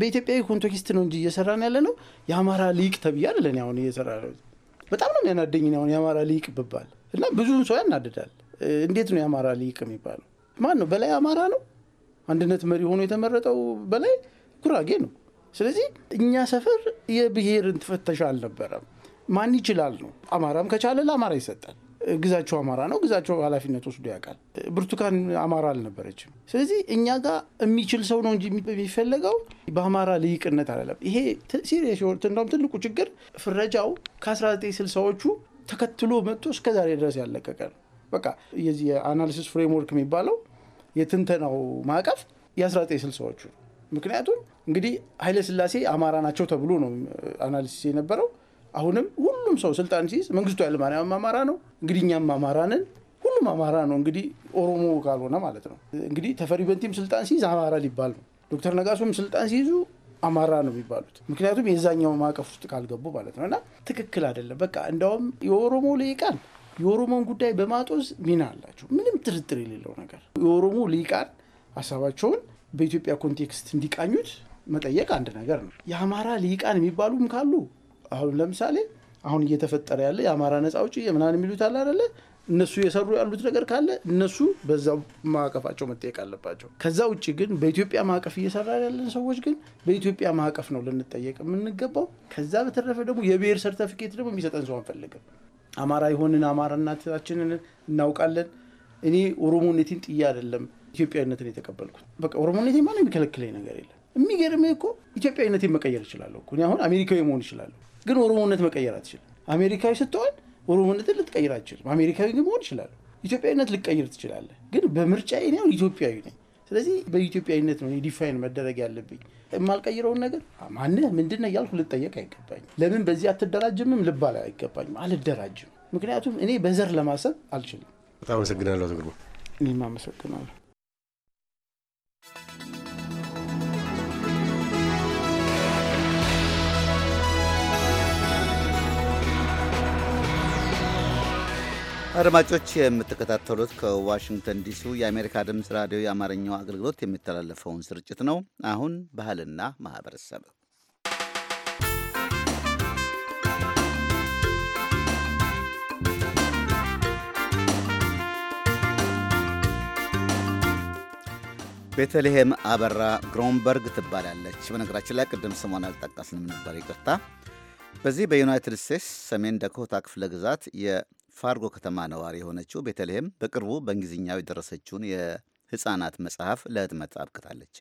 በኢትዮጵያዊ ኮንቴክስት ነው እንጂ እየሰራ ነው ያለ ነው የአማራ ሊቅ ተብዬ አይደለን አሁን እየሰራ ነው በጣም ነው ያናደኝ አሁን የአማራ ሊቅ ብባል እና ብዙውን ሰው ያናድዳል እንዴት ነው የአማራ ሊቅ የሚባለው ማን ነው በላይ አማራ ነው አንድነት መሪ ሆኖ የተመረጠው በላይ ጉራጌ ነው ስለዚህ እኛ ሰፈር የብሔርን ትፈተሻ አልነበረም። ማን ይችላል ነው። አማራም ከቻለ ለአማራ ይሰጣል። ግዛቸው አማራ ነው። ግዛቸው ኃላፊነት ወስዶ ያውቃል። ብርቱካን አማራ አልነበረችም። ስለዚህ እኛ ጋር የሚችል ሰው ነው እንጂ የሚፈለገው በአማራ ልይቅነት አላለም። ይሄ ሲሪየስ ትልቁ ችግር ፍረጃው ከ1960ዎቹ ተከትሎ መጥቶ እስከዛሬ ድረስ ያለቀቀ ነው። በቃ የዚህ የአናሊሲስ ፍሬምወርክ የሚባለው የትንተናው ማዕቀፍ የ1960ዎቹ ነው። ምክንያቱም እንግዲህ ኃይለ ስላሴ አማራ ናቸው ተብሎ ነው አናሊሲስ የነበረው። አሁንም ሁሉም ሰው ስልጣን ሲይዝ መንግስቱ ኃይለማርያም አማራ ነው፣ እንግዲህ እኛም አማራ ነን፣ ሁሉም አማራ ነው እንግዲህ ኦሮሞ ካልሆነ ማለት ነው። እንግዲህ ተፈሪ በንቲም ስልጣን ሲይዝ አማራ ሊባል ነው። ዶክተር ነጋሶም ስልጣን ሲይዙ አማራ ነው የሚባሉት ምክንያቱም የዛኛው ማዕቀፍ ውስጥ ካልገቡ ማለት ነው። እና ትክክል አይደለም። በቃ እንዳውም የኦሮሞ ልይቃን የኦሮሞን ጉዳይ በማጦዝ ሚና አላቸው። ምንም ትርጥር የሌለው ነገር የኦሮሞ ልይቃን ሀሳባቸውን በኢትዮጵያ ኮንቴክስት እንዲቃኙት መጠየቅ አንድ ነገር ነው። የአማራ ሊቃን የሚባሉም ካሉ አሁን ለምሳሌ አሁን እየተፈጠረ ያለ የአማራ ነፃ አውጪ ምናምን የሚሉት አለ አይደለ? እነሱ የሰሩ ያሉት ነገር ካለ እነሱ በዛ ማዕቀፋቸው መጠየቅ አለባቸው። ከዛ ውጭ ግን በኢትዮጵያ ማዕቀፍ እየሰራ ያለን ሰዎች ግን በኢትዮጵያ ማዕቀፍ ነው ልንጠየቅ የምንገባው። ከዛ በተረፈ ደግሞ የብሔር ሰርተፊኬት ደግሞ የሚሰጠን ሰው አንፈልግም። አማራ የሆንን አማራነታችንን እናውቃለን። እኔ ኦሮሞነቴን ጥዬ አይደለም ኢትዮጵያዊነትን የተቀበልኩት በቃ ኦሮሞነቴ ማ የሚከለክለኝ ነገር የለም። የሚገርም እኮ ኢትዮጵያዊነቴን መቀየር እችላለሁ እኮ አሁን አሜሪካዊ መሆን እችላለሁ፣ ግን ኦሮሞነት መቀየር አትችልም። አሜሪካዊ ስትሆን ኦሮሞነትን ልትቀይር አትችልም። አሜሪካዊ ግን መሆን እችላለሁ። ኢትዮጵያዊነት ልቀይር ትችላለህ፣ ግን በምርጫ እኔ አሁን ኢትዮጵያዊ ነኝ። ስለዚህ በኢትዮጵያዊነት ነው ዲፋይን መደረግ ያለብኝ። የማልቀይረውን ነገር ማን ምንድን እያልኩ ልጠየቅ አይገባኝም። ለምን በዚህ አትደራጅምም ልባል አይገባኝም። አልደራጅም፣ ምክንያቱም እኔ በዘር ለማሰብ አልችልም። በጣም አመሰግናለሁ። አቶ እኔም አመሰግናለሁ። አድማጮች የምትከታተሉት ከዋሽንግተን ዲሲ የአሜሪካ ድምፅ ራዲዮ የአማርኛው አገልግሎት የሚተላለፈውን ስርጭት ነው። አሁን ባህልና ማህበረሰብ ቤተልሔም አበራ ግሮንበርግ ትባላለች። በነገራችን ላይ ቅድም ስሟን አልጠቀስንም ነበር፣ ይቅርታ። በዚህ በዩናይትድ ስቴትስ ሰሜን ዳኮታ ክፍለ ግዛት የ ፋርጎ ከተማ ነዋሪ የሆነችው ቤተልሔም በቅርቡ በእንግሊዝኛው የደረሰችውን የህፃናት መጽሐፍ ለህትመት አብቅታለች።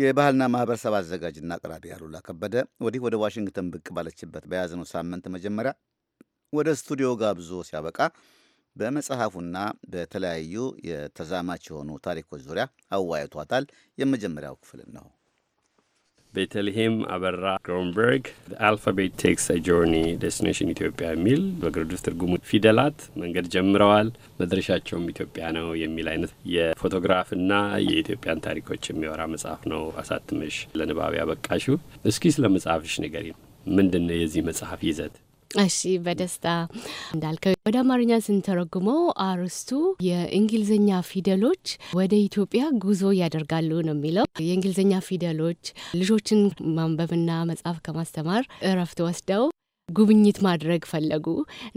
የባህልና ማህበረሰብ አዘጋጅና አቅራቢ አሉላ ከበደ ወዲህ ወደ ዋሽንግተን ብቅ ባለችበት በያዝነው ሳምንት መጀመሪያ ወደ ስቱዲዮ ጋብዞ ሲያበቃ በመጽሐፉና በተለያዩ የተዛማች የሆኑ ታሪኮች ዙሪያ አወያይቷታል። የመጀመሪያው ክፍል ነው። ቤተልሔም አበራ ግሮንበርግ አልፋቤት ቴክስ ጆርኒ ዴስቲኔሽን ኢትዮጵያ የሚል በግርድፍ ትርጉሙ ፊደላት መንገድ ጀምረዋል፣ መድረሻቸውም ኢትዮጵያ ነው የሚል አይነት የፎቶግራፍና የኢትዮጵያን ታሪኮች የሚወራ መጽሐፍ ነው አሳትመሽ ለንባብ ያበቃሹ። እስኪ ስለ መጽሐፍሽ ንገሪ። ምንድን ነው የዚህ መጽሐፍ ይዘት? እሺ በደስታ እንዳልከው ወደ አማርኛ ስንተረጉመው አርስቱ የእንግሊዝኛ ፊደሎች ወደ ኢትዮጵያ ጉዞ ያደርጋሉ ነው የሚለው። የእንግሊዝኛ ፊደሎች ልጆችን ማንበብና መጻፍ ከማስተማር እረፍት ወስደው ጉብኝት ማድረግ ፈለጉ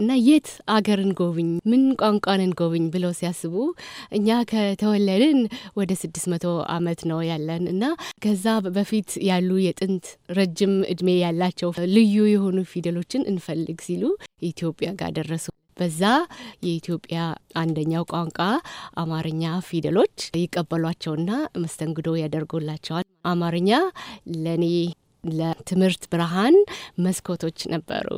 እና የት አገርን ጎብኝ፣ ምን ቋንቋንን ጎብኝ ብለው ሲያስቡ እኛ ከተወለድን ወደ ስድስት መቶ አመት ነው ያለን እና ከዛ በፊት ያሉ የጥንት ረጅም እድሜ ያላቸው ልዩ የሆኑ ፊደሎችን እንፈልግ ሲሉ ኢትዮጵያ ጋር ደረሱ። በዛ የኢትዮጵያ አንደኛው ቋንቋ አማርኛ ፊደሎች ይቀበሏቸውና መስተንግዶ ያደርጉላቸዋል። አማርኛ ለእኔ ለትምህርት ብርሃን መስኮቶች ነበሩ።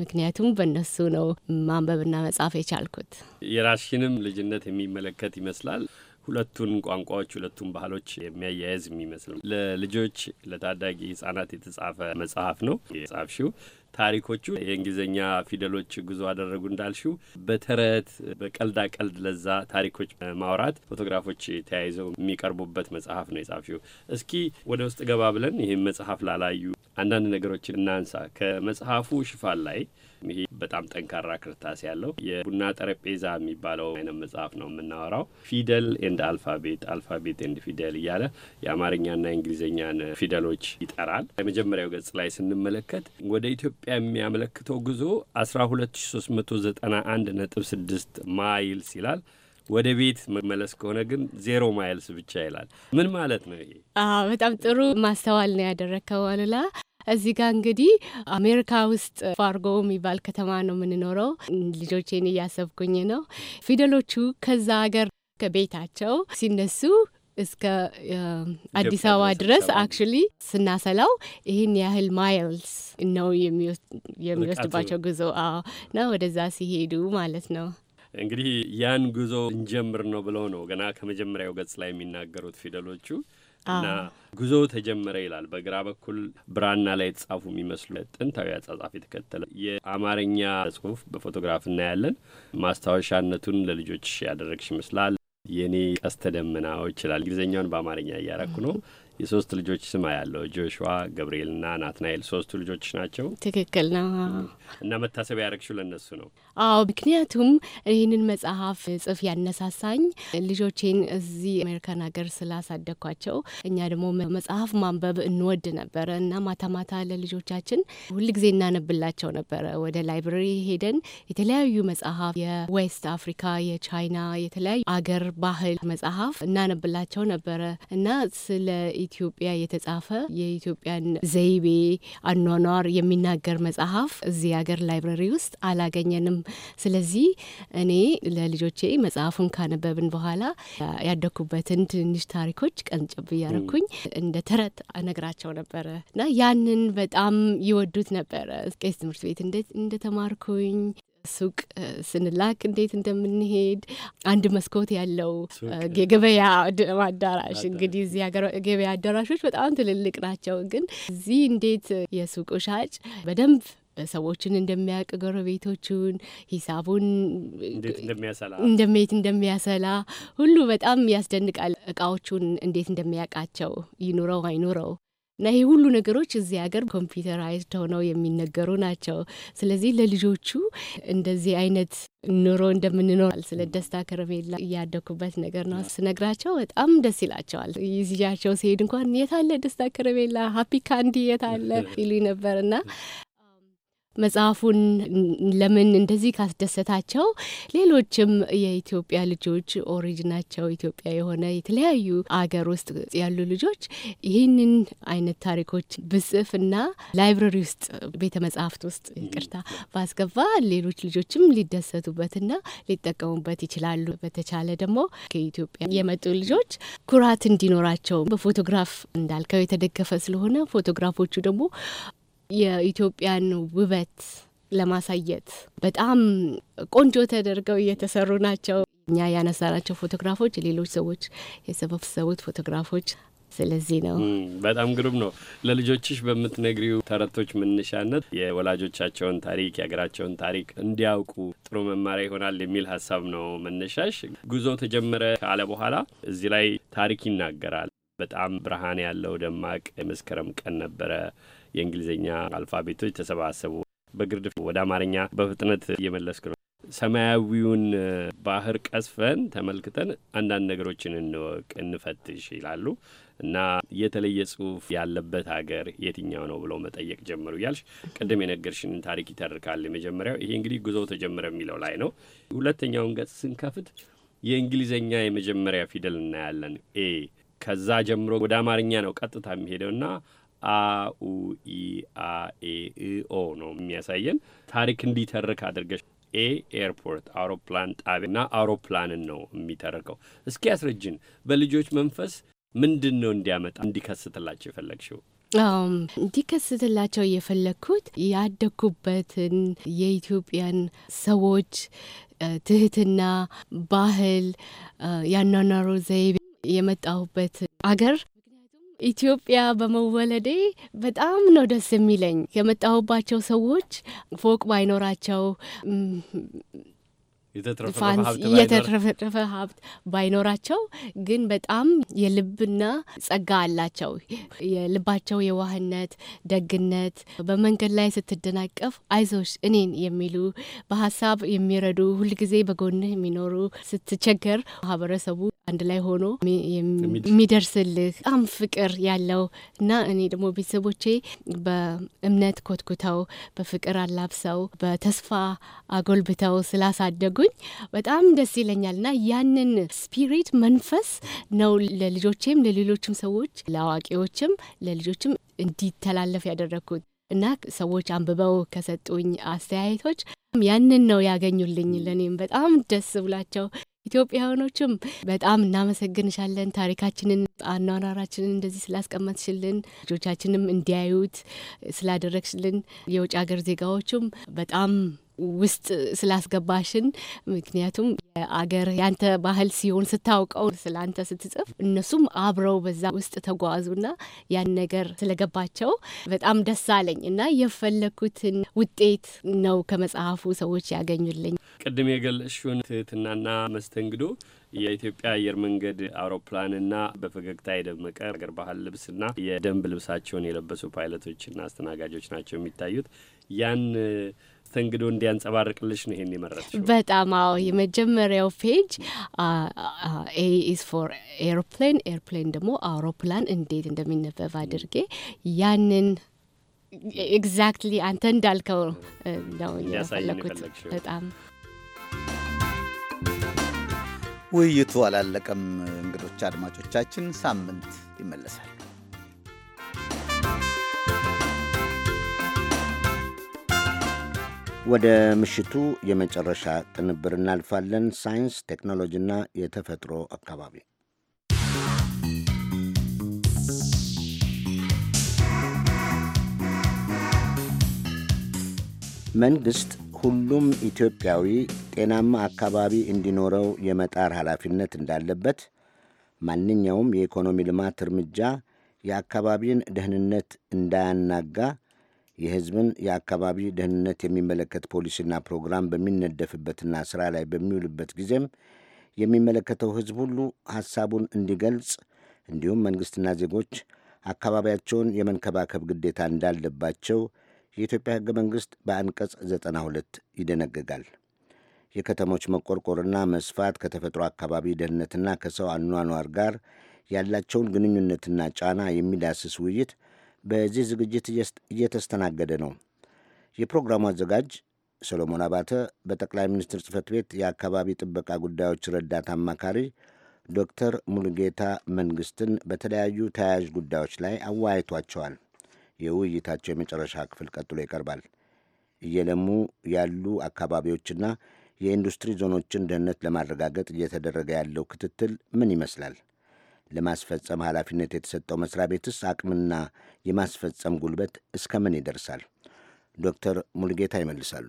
ምክንያቱም በእነሱ ነው ማንበብና መጻፍ የቻልኩት። የራሽንም ልጅነት የሚመለከት ይመስላል። ሁለቱን ቋንቋዎች ሁለቱን ባህሎች የሚያያያዝ የሚመስል ለልጆች ለታዳጊ ህጻናት የተጻፈ መጽሐፍ ነው የጻፍሽው። ታሪኮቹ የእንግሊዝኛ ፊደሎች ጉዞ አደረጉ እንዳልሽው በተረት በቀልዳ ቀልድ ለዛ ታሪኮች ማውራት ፎቶግራፎች ተያይዘው የሚቀርቡበት መጽሐፍ ነው የጻፍሽው። እስኪ ወደ ውስጥ ገባ ብለን ይህም መጽሐፍ ላላዩ አንዳንድ ነገሮችን እናንሳ። ከመጽሐፉ ሽፋን ላይ ይሄ በጣም ጠንካራ ክርታስ ያለው የቡና ጠረጴዛ የሚባለው አይነት መጽሐፍ ነው የምናወራው። ፊደል ኤንድ አልፋቤት አልፋቤት ኤንድ ፊደል እያለ የአማርኛና የእንግሊዝኛን ፊደሎች ይጠራል። የመጀመሪያው ገጽ ላይ ስንመለከት ወደ ኢትዮጵያ ኢትዮጵያ የሚያመለክተው ጉዞ 12391.6 ማይልስ ይላል። ወደ ቤት መመለስ ከሆነ ግን ዜሮ ማይልስ ብቻ ይላል። ምን ማለት ነው ይሄ? በጣም ጥሩ ማስተዋል ነው ያደረግከው አሉላ። እዚህ ጋር እንግዲህ አሜሪካ ውስጥ ፋርጎ የሚባል ከተማ ነው የምንኖረው። ልጆቼን እያሰብኩኝ ነው። ፊደሎቹ ከዛ ሀገር ከቤታቸው ሲነሱ እስከ አዲስ አበባ ድረስ አክቹሊ ስናሰላው ይህን ያህል ማይልስ ነው የሚወስድባቸው ጉዞ እና ወደዛ ሲሄዱ ማለት ነው። እንግዲህ ያን ጉዞ እንጀምር ነው ብለው ነው ገና ከመጀመሪያው ገጽ ላይ የሚናገሩት ፊደሎቹ እና ጉዞ ተጀመረ ይላል። በግራ በኩል ብራና ላይ የተጻፉ የሚመስሉ ጥንታዊ አጻጻፍ የተከተለ የአማርኛ ጽሁፍ በፎቶግራፍ እናያለን። ማስታወሻነቱን ለልጆች ያደረግሽ ይመስላል። የኔ ቀስተ ደመናዎች ይችላል። እንግሊዝኛውን በአማርኛ እያረኩ ነው። የሶስት ልጆች ስማ ያለው ጆሹዋ ገብርኤልና ናትናኤል ሶስቱ ልጆች ናቸው። ትክክል ነው። እና መታሰቢያ ያረግሹ ለእነሱ ነው? አዎ፣ ምክንያቱም ይህንን መጽሐፍ ጽፍ ያነሳሳኝ ልጆቼን እዚህ አሜሪካን ሀገር ስላሳደግኳቸው፣ እኛ ደግሞ መጽሐፍ ማንበብ እንወድ ነበረ እና ማታ ማታ ለልጆቻችን ሁልጊዜ እናነብላቸው ነበረ። ወደ ላይብረሪ ሄደን የተለያዩ መጽሐፍ የዌስት አፍሪካ፣ የቻይና፣ የተለያዩ አገር ባህል መጽሐፍ እናነብላቸው ነበረ እና ስለ ኢትዮጵያ የተጻፈ የኢትዮጵያን ዘይቤ አኗኗር የሚናገር መጽሐፍ እዚህ ሀገር ላይብረሪ ውስጥ አላገኘንም። ስለዚህ እኔ ለልጆቼ መጽሐፉን ካነበብን በኋላ ያደኩበትን ትንሽ ታሪኮች ቀንጭብ እያረኩኝ እንደ ተረት ነግራቸው ነበረ እና ያንን በጣም ይወዱት ነበረ። ቄስ ትምህርት ቤት እንደተማርኩኝ ሱቅ ስንላክ እንዴት እንደምንሄድ አንድ መስኮት ያለው የገበያ አዳራሽ እንግዲህ እዚህ ገበያ አዳራሾች በጣም ትልልቅ ናቸው። ግን እዚህ እንዴት የሱቁ ሻጭ በደንብ ሰዎችን እንደሚያውቅ ጎረቤቶቹን፣ ሂሳቡን እንደሚያሰላ እንደሚያሰላ ሁሉ በጣም ያስደንቃል። እቃዎቹን እንዴት እንደሚያውቃቸው ይኑረው አይኑረው እና ይሄ ሁሉ ነገሮች እዚህ ሀገር ኮምፒውተራይዝድ ሆነው የሚነገሩ ናቸው። ስለዚህ ለልጆቹ እንደዚህ አይነት ኑሮ እንደምንኖር ስለ ደስታ ከረሜላ እያደኩበት ነገር ነው ስነግራቸው በጣም ደስ ይላቸዋል። ይዚያቸው ሲሄድ እንኳን የታለ ደስታ ከረሜላ፣ ሀፒ ካንዲ የታለ ይሉ ነበር እና መጽሐፉን ለምን እንደዚህ ካስደሰታቸው ሌሎችም የኢትዮጵያ ልጆች ኦሪጅናቸው ኢትዮጵያ የሆነ የተለያዩ አገር ውስጥ ያሉ ልጆች ይህንን አይነት ታሪኮች ብጽፍና ላይብረሪ ውስጥ ቤተ መጽሐፍት ውስጥ ይቅርታ ባስገባ ሌሎች ልጆችም ሊደሰቱበትና ሊጠቀሙበት ይችላሉ። በተቻለ ደግሞ ከኢትዮጵያ የመጡ ልጆች ኩራት እንዲኖራቸው በፎቶግራፍ እንዳልከው የተደገፈ ስለሆነ ፎቶግራፎቹ ደግሞ የኢትዮጵያን ውበት ለማሳየት በጣም ቆንጆ ተደርገው እየተሰሩ ናቸው። እኛ ያነሳናቸው ፎቶግራፎች ሌሎች ሰዎች የሰበሰቡት ፎቶግራፎች ስለዚህ ነው። በጣም ግሩም ነው። ለልጆችሽ በምትነግሪው ተረቶች መነሻነት የወላጆቻቸውን ታሪክ የሀገራቸውን ታሪክ እንዲያውቁ ጥሩ መማሪያ ይሆናል የሚል ሀሳብ ነው መነሻሽ። ጉዞ ተጀመረ ካለ በኋላ እዚህ ላይ ታሪክ ይናገራል። በጣም ብርሃን ያለው ደማቅ የመስከረም ቀን ነበረ የእንግሊዝኛ አልፋቤቶች ተሰባሰቡ። በግርድፍ ወደ አማርኛ በፍጥነት እየመለስክ ነው። ሰማያዊውን ባህር ቀስፈን ተመልክተን አንዳንድ ነገሮችን እንወቅ፣ እንፈትሽ ይላሉ እና የተለየ ጽሁፍ ያለበት ሀገር የትኛው ነው ብለው መጠየቅ ጀመሩ እያልሽ ቅድም የነገርሽንን ታሪክ ይተርካል። የመጀመሪያው ይሄ እንግዲህ ጉዞ ተጀመረ የሚለው ላይ ነው። ሁለተኛውን ገጽ ስንከፍት የእንግሊዝኛ የመጀመሪያ ፊደል እናያለን ኤ። ከዛ ጀምሮ ወደ አማርኛ ነው ቀጥታ የሚሄደውና አ ኡ ኢ አ ኤ እ ኦ ነው የሚያሳየን። ታሪክ እንዲተርክ አድርገሽ ኤ ኤርፖርት አውሮፕላን ጣቢያና አውሮፕላንን ነው የሚተርከው። እስኪ ያስረጅን በልጆች መንፈስ ምንድን ነው እንዲያመጣ እንዲከስትላቸው የፈለግሽው? እንዲከስትላቸው የፈለግኩት ያደግኩበትን የኢትዮጵያን ሰዎች ትህትና፣ ባህል፣ ያኗኗሩ ዘይቤ የመጣሁበት አገር ኢትዮጵያ በመወለዴ በጣም ነው ደስ የሚለኝ። የመጣሁባቸው ሰዎች ፎቅ ባይኖራቸው የተትረፈረፈ ሀብት ባይኖራቸው ግን በጣም የልብና ጸጋ አላቸው። የልባቸው የዋህነት፣ ደግነት በመንገድ ላይ ስትደናቀፍ አይዞሽ እኔን የሚሉ በሀሳብ የሚረዱ ሁልጊዜ በጎንህ የሚኖሩ ስትቸገር ማህበረሰቡ አንድ ላይ ሆኖ የሚደርስልህ አም ፍቅር ያለው እና እኔ ደግሞ ቤተሰቦቼ በእምነት ኮትኩተው በፍቅር አላብሰው በተስፋ አጎልብተው ስላሳደጉኝ በጣም ደስ ይለኛል እና ያንን ስፒሪት መንፈስ ነው ለልጆቼም ለሌሎችም ሰዎች ለአዋቂዎችም ለልጆችም እንዲተላለፍ ያደረግኩት እና ሰዎች አንብበው ከሰጡኝ አስተያየቶች ያንን ነው ያገኙልኝ። ለእኔም በጣም ደስ ብላቸው ኢትዮጵያውያኖችም በጣም እናመሰግንሻለን። ታሪካችንን፣ አኗኗራችንን እንደዚህ ስላስቀመጥሽልን፣ ልጆቻችንም እንዲያዩት ስላደረግሽልን፣ የውጭ ሀገር ዜጋዎቹም በጣም ውስጥ ስላስገባሽን። ምክንያቱም የአገር ያንተ ባህል ሲሆን ስታውቀው ስለ አንተ ስትጽፍ እነሱም አብረው በዛ ውስጥ ተጓዙና ያን ነገር ስለገባቸው በጣም ደስ አለኝ እና የፈለግኩትን ውጤት ነው ከመጽሐፉ ሰዎች ያገኙልኝ። ቅድም የገለሽውን ትህትናና መስተንግዶ የኢትዮጵያ አየር መንገድ አውሮፕላንና በፈገግታ የደመቀ አገር ባህል ልብስና የደንብ ልብሳቸውን የለበሱ ፓይለቶችና አስተናጋጆች ናቸው የሚታዩት ያን መስተንግዶ እንዲያንጸባርቅልሽ ነው ይሄን የመረጥሽው። በጣም አዎ። የመጀመሪያው ፔጅ ኤ ኢዝ ፎር ኤሮፕላን፣ ደግሞ አውሮፕላን እንዴት እንደሚነበብ አድርጌ ያንን ኤግዛክትሊ አንተ እንዳልከው ነው የፈለኩት። በጣም ውይይቱ አላለቀም። እንግዶች አድማጮቻችን፣ ሳምንት ይመለሳል። ወደ ምሽቱ የመጨረሻ ቅንብር እናልፋለን። ሳይንስ ቴክኖሎጂና የተፈጥሮ አካባቢ መንግሥት ሁሉም ኢትዮጵያዊ ጤናማ አካባቢ እንዲኖረው የመጣር ኃላፊነት እንዳለበት ማንኛውም የኢኮኖሚ ልማት እርምጃ የአካባቢን ደህንነት እንዳያናጋ የህዝብን የአካባቢ ደህንነት የሚመለከት ፖሊሲና ፕሮግራም በሚነደፍበትና ስራ ላይ በሚውልበት ጊዜም የሚመለከተው ህዝብ ሁሉ ሐሳቡን እንዲገልጽ እንዲሁም መንግሥትና ዜጎች አካባቢያቸውን የመንከባከብ ግዴታ እንዳለባቸው የኢትዮጵያ ሕገ መንግሥት በአንቀጽ 92 ይደነግጋል። የከተሞች መቆርቆርና መስፋት ከተፈጥሮ አካባቢ ደህንነትና ከሰው አኗኗር ጋር ያላቸውን ግንኙነትና ጫና የሚዳስስ ውይይት በዚህ ዝግጅት እየተስተናገደ ነው። የፕሮግራሙ አዘጋጅ ሰሎሞን አባተ በጠቅላይ ሚኒስትር ጽህፈት ቤት የአካባቢ ጥበቃ ጉዳዮች ረዳት አማካሪ ዶክተር ሙሉጌታ መንግስትን በተለያዩ ተያያዥ ጉዳዮች ላይ አወያይቷቸዋል። የውይይታቸው የመጨረሻ ክፍል ቀጥሎ ይቀርባል። እየለሙ ያሉ አካባቢዎችና የኢንዱስትሪ ዞኖችን ደህንነት ለማረጋገጥ እየተደረገ ያለው ክትትል ምን ይመስላል? ለማስፈጸም ኃላፊነት የተሰጠው መስሪያ ቤትስ አቅምና የማስፈጸም ጉልበት እስከምን ይደርሳል? ዶክተር ሙልጌታ ይመልሳሉ።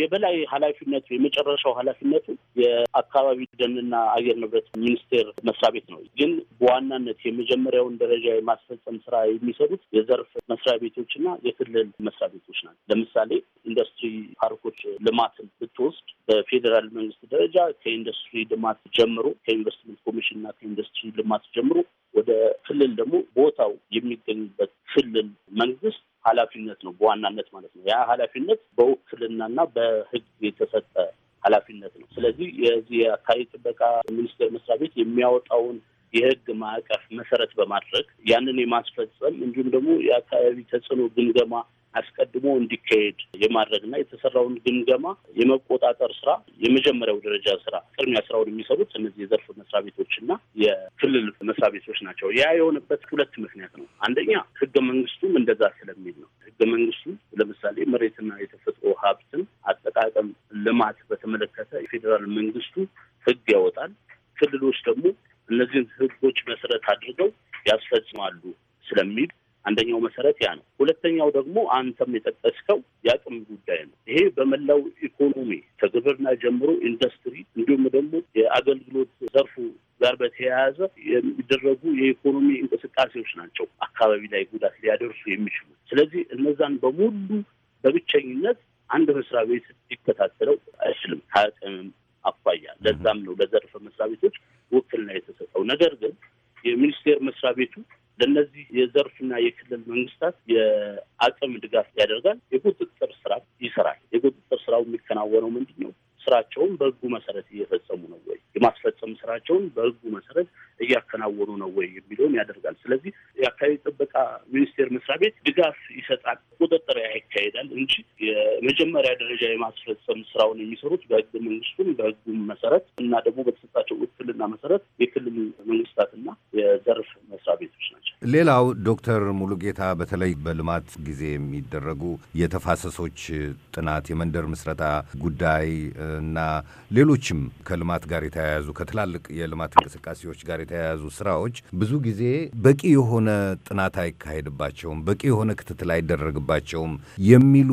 የበላይ ኃላፊነቱ የመጨረሻው ኃላፊነቱ የአካባቢ ደንና አየር ንብረት ሚኒስቴር መስሪያ ቤት ነው። ግን በዋናነት የመጀመሪያውን ደረጃ የማስፈጸም ስራ የሚሰሩት የዘርፍ መስሪያ ቤቶችና የክልል መስሪያ ቤቶች ናቸው። ለምሳሌ ኢንዱስትሪ ፓርኮች ልማትን ብትወስድ በፌዴራል መንግስት ደረጃ ከኢንዱስትሪ ልማት ጀምሮ ከኢንቨስትመንት ኮሚሽንና ከኢንዱስትሪ ልማት ጀምሮ ወደ ክልል ደግሞ ቦታው የሚገኝበት ክልል መንግስት ኃላፊነት ነው በዋናነት ማለት ነው። ያ ኃላፊነት በውክልናና በህግ የተሰጠ ኃላፊነት ነው። ስለዚህ የዚህ የአካባቢ ጥበቃ ሚኒስቴር መስሪያ ቤት የሚያወጣውን የህግ ማዕቀፍ መሰረት በማድረግ ያንን የማስፈጸም እንዲሁም ደግሞ የአካባቢ ተጽዕኖ ግምገማ አስቀድሞ እንዲካሄድ የማድረግ እና የተሰራውን ግምገማ የመቆጣጠር ስራ የመጀመሪያው ደረጃ ስራ ቅድሚያ ስራውን የሚሰሩት እነዚህ የዘርፍ መስሪያ ቤቶችና የክልል መስሪያ ቤቶች ናቸው። ያ የሆነበት ሁለት ምክንያት ነው። አንደኛ ህገ መንግስቱም እንደዛ ስለሚል ነው። ህገ መንግስቱ ለምሳሌ መሬትና የተፈጥሮ ሀብትን አጠቃቀም ልማት በተመለከተ የፌዴራል መንግስቱ ህግ ያወጣል። ክልሎች ደግሞ እነዚህን ህጎች መሰረት አድርገው ያስፈጽማሉ ስለሚል አንደኛው መሰረት ያ ነው። ሁለተኛው ደግሞ አንተም የጠቀስከው የአቅም ጉዳይ ነው። ይሄ በመላው ኢኮኖሚ ከግብርና ጀምሮ ኢንዱስትሪ፣ እንዲሁም ደግሞ የአገልግሎት ዘርፉ ጋር በተያያዘ የሚደረጉ የኢኮኖሚ እንቅስቃሴዎች ናቸው አካባቢ ላይ ጉዳት ሊያደርሱ የሚችሉ። ስለዚህ እነዛን በሙሉ በብቸኝነት አንድ መስሪያ ቤት ሊከታተለው አይችልም ከአቅምም አኳያ። ለዛም ነው ለዘርፈ መስሪያ ቤቶች ውክልና የተሰጠው። ነገር ግን የሚኒስቴር መስሪያ ቤቱ ለእነዚህ የዘርፍና የክልል መንግስታት የአቅም ድጋፍ ያደርጋል። የቁጥጥር ስራ ይሰራል። የቁጥጥር ስራው የሚከናወነው ምንድን ነው? ስራቸውን በህጉ መሰረት እየፈጸሙ ነው ወይ፣ የማስፈጸም ስራቸውን በህጉ መሰረት እያከናወኑ ነው ወይ የሚለውን ያደርጋል። ስለዚህ የአካባቢ ጥበቃ ሚኒስቴር መስሪያ ቤት ድጋፍ ይሰጣል፣ ቁጥጥር ያካሄዳል እንጂ የመጀመሪያ ደረጃ የማስፈጸም ስራውን የሚሰሩት በህገ መንግስቱም በህጉም መሰረት እና ደግሞ በተሰጣቸው ውክልና መሰረት የክልል መንግስታትና የዘርፍ መስሪያ ቤቶች ናቸው። ሌላው ዶክተር ሙሉጌታ በተለይ በልማት ጊዜ የሚደረጉ የተፋሰሶች ጥናት፣ የመንደር ምስረታ ጉዳይ እና ሌሎችም ከልማት ጋር የተያያዙ ከትላልቅ የልማት እንቅስቃሴዎች ጋር የተያያዙ ስራዎች ብዙ ጊዜ በቂ የሆነ ጥናት አይካሄድባቸውም፣ በቂ የሆነ ክትትል አይደረግባቸውም የሚሉ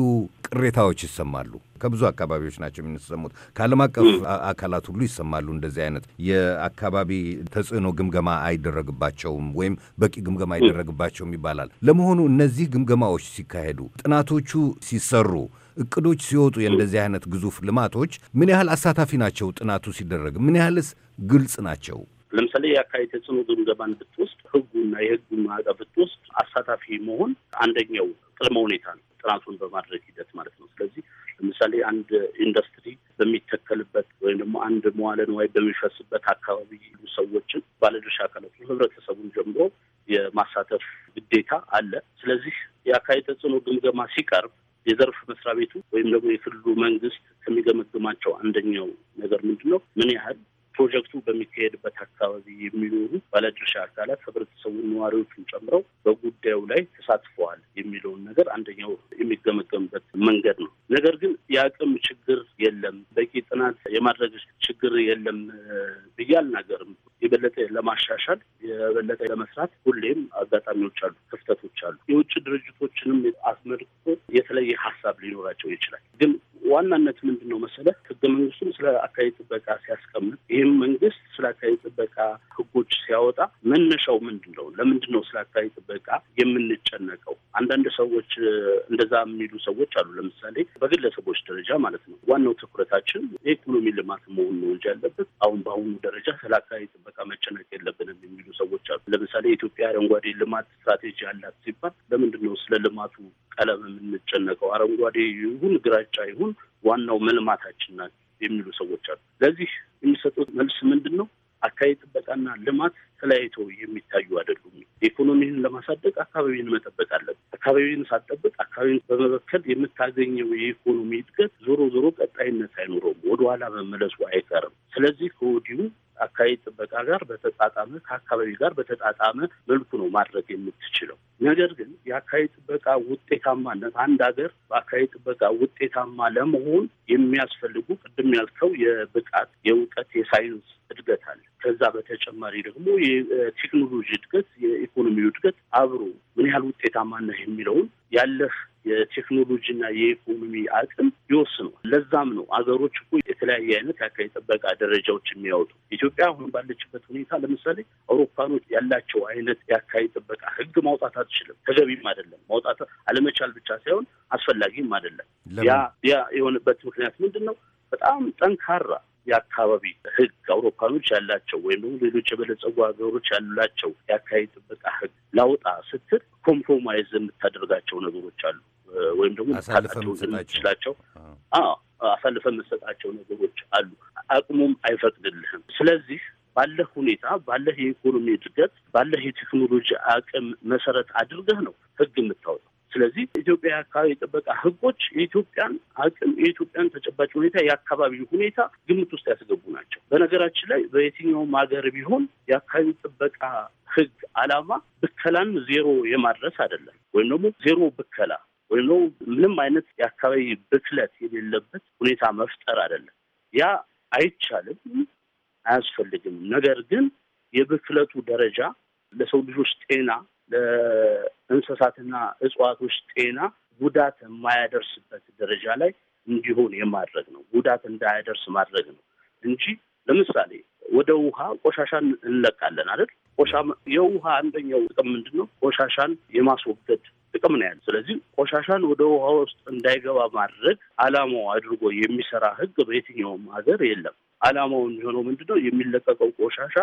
ቅሬታዎች ይሰማሉ። ከብዙ አካባቢዎች ናቸው የሚሰሙት። ከዓለም አቀፍ አካላት ሁሉ ይሰማሉ። እንደዚህ አይነት የአካባቢ ተጽዕኖ ግምገማ አይደረግባቸውም ወይም በቂ ግምገማ አይደረግባቸውም ይባላል። ለመሆኑ እነዚህ ግምገማዎች ሲካሄዱ፣ ጥናቶቹ ሲሰሩ፣ እቅዶች ሲወጡ የእንደዚህ አይነት ግዙፍ ልማቶች ምን ያህል አሳታፊ ናቸው? ጥናቱ ሲደረግ ምን ያህልስ ግልጽ ናቸው? ለምሳሌ የአካባቢ ተጽዕኖ ግምገማን ብትወስድ ሕጉና የሕጉን ማዕቀፍ ብትወስድ አሳታፊ መሆን አንደኛው ቅድመ ሁኔታ ነው፣ ጥናቱን በማድረግ ሂደት ማለት ነው። ስለዚህ ለምሳሌ አንድ ኢንዱስትሪ በሚተከልበት ወይም ደግሞ አንድ መዋለ ንዋይ በሚፈስበት አካባቢ ሰዎችን ባለድርሻ አካላት ህብረተሰቡን ጀምሮ የማሳተፍ ግዴታ አለ። ስለዚህ የአካባቢ ተጽዕኖ ግምገማ ሲቀርብ የዘርፍ መስሪያ ቤቱ ወይም ደግሞ የክልሉ መንግስት ከሚገመግማቸው አንደኛው ነገር ምንድን ነው? ምን ያህል ፕሮጀክቱ በሚካሄድበት አካባቢ የሚኖሩ ባለድርሻ አካላት ህብረተሰቡን፣ ነዋሪዎቹን ጨምረው በጉዳዩ ላይ ተሳትፈዋል የሚለውን ነገር አንደኛው የሚገመገምበት መንገድ ነው። ነገር ግን የአቅም ችግር የለም፣ በቂ ጥናት የማድረግ ችግር የለም ብዬ አልናገርም። የበለጠ ለማሻሻል የበለጠ ለመስራት ሁሌም አጋጣሚዎች አሉ፣ ክፍተቶች አሉ። የውጭ ድርጅቶችንም አስመልክቶ የተለየ ሀሳብ ሊኖራቸው ይችላል ግን በዋናነት ምንድን ነው መሰለህ ህገ መንግስቱም ስለ አካባቢ ጥበቃ ሲያስቀምጥ ይህም መንግስት ስለ አካባቢ ጥበቃ ህጎች ሲያወጣ መነሻው ምንድን ነው? ለምንድን ነው ስለ አካባቢ ጥበቃ የምንጨነቀው? አንዳንድ ሰዎች እንደዛ የሚሉ ሰዎች አሉ። ለምሳሌ በግለሰቦች ደረጃ ማለት ነው ዋናው ትኩረታችን የኢኮኖሚ ልማት መሆን ነው እንጂ ያለበት አሁን በአሁኑ ደረጃ ስለ አካባቢ ጥበቃ መጨነቅ የለብንም የሚሉ ሰዎች አሉ። ለምሳሌ የኢትዮጵያ አረንጓዴ ልማት ስትራቴጂ አላት ሲባል ለምንድን ነው ስለ ልማቱ ቀለም የምንጨነቀው አረንጓዴ ይሁን ግራጫ ይሁን ዋናው መልማታችን ናት የሚሉ ሰዎች አሉ። ለዚህ የሚሰጡት መልስ ምንድን ነው? አካባቢ ጥበቃና ልማት ተለያይቶ የሚታዩ አይደሉም። ኢኮኖሚህን ለማሳደግ አካባቢን መጠበቅ አለብን። አካባቢን ሳጠብቅ አካባቢን በመበከል የምታገኘው የኢኮኖሚ እድገት ዞሮ ዞሮ ቀጣይነት አይኖረውም፣ ወደኋላ መመለሱ አይቀርም። ስለዚህ ከወዲሁ አካባቢ ጥበቃ ጋር በተጣጣመ ከአካባቢ ጋር በተጣጣመ መልኩ ነው ማድረግ የምትችለው። ነገር ግን የአካባቢ ጥበቃ ውጤታማነት አንድ ሀገር በአካባቢ ጥበቃ ውጤታማ ለመሆን የሚያስፈልጉ ቅድም ያልከው የብቃት፣ የእውቀት፣ የሳይንስ እድገት አለ። ከዛ በተጨማሪ ደግሞ የቴክኖሎጂ እድገት፣ የኢኮኖሚ እድገት አብሮ ምን ያህል ውጤታማነት የሚለውን ያለህ የቴክኖሎጂና የኢኮኖሚ አቅም ይወስነዋል። ለዛም ነው አገሮች እኮ የተለያየ አይነት የአካባቢ ጥበቃ ደረጃዎች የሚያወጡ። ኢትዮጵያ አሁን ባለችበት ሁኔታ ለምሳሌ አውሮፓኖች ያላቸው አይነት የአካባቢ ጥበቃ ህግ ማውጣት አትችልም። ተገቢም አይደለም። ማውጣት አለመቻል ብቻ ሳይሆን አስፈላጊም አይደለም። ያ ያ የሆነበት ምክንያት ምንድን ነው? በጣም ጠንካራ የአካባቢ ህግ አውሮፓኖች ያላቸው ወይም ደግሞ ሌሎች የበለጸጉ ሀገሮች ያላቸው የአካባቢ ጥበቃ ህግ ላውጣ ስትል ኮምፕሮማይዝ የምታደርጋቸው ነገሮች አሉ። ወይም ደግሞ ልታጣቸው አሳልፈ መሰጣቸው ነገሮች አሉ። አቅሙም አይፈቅድልህም። ስለዚህ ባለህ ሁኔታ ባለህ የኢኮኖሚ እድገት ባለህ የቴክኖሎጂ አቅም መሰረት አድርገህ ነው ህግ የምታወጣው። ስለዚህ ኢትዮጵያ የአካባቢ ጥበቃ ህጎች የኢትዮጵያን አቅም የኢትዮጵያን ተጨባጭ ሁኔታ የአካባቢ ሁኔታ ግምት ውስጥ ያስገቡ ናቸው። በነገራችን ላይ በየትኛውም ሀገር ቢሆን የአካባቢ ጥበቃ ህግ አላማ ብከላን ዜሮ የማድረስ አይደለም፣ ወይም ደግሞ ዜሮ ብከላ ወይም ደግሞ ምንም አይነት የአካባቢ ብክለት የሌለበት ሁኔታ መፍጠር አይደለም። ያ አይቻልም፣ አያስፈልግም። ነገር ግን የብክለቱ ደረጃ ለሰው ልጆች ጤና፣ ለእንስሳትና እጽዋቶች ጤና ጉዳት የማያደርስበት ደረጃ ላይ እንዲሆን የማድረግ ነው። ጉዳት እንዳያደርስ ማድረግ ነው እንጂ ለምሳሌ ወደ ውሃ ቆሻሻን እንለቃለን አይደል? ቆሻ የውሃ አንደኛው ጥቅም ምንድን ነው? ቆሻሻን የማስወገድ ጥቅም ነው ያለ። ስለዚህ ቆሻሻን ወደ ውሃ ውስጥ እንዳይገባ ማድረግ አላማው አድርጎ የሚሰራ ህግ በየትኛውም ሀገር የለም። አላማው የሚሆነው ምንድነው? የሚለቀቀው ቆሻሻ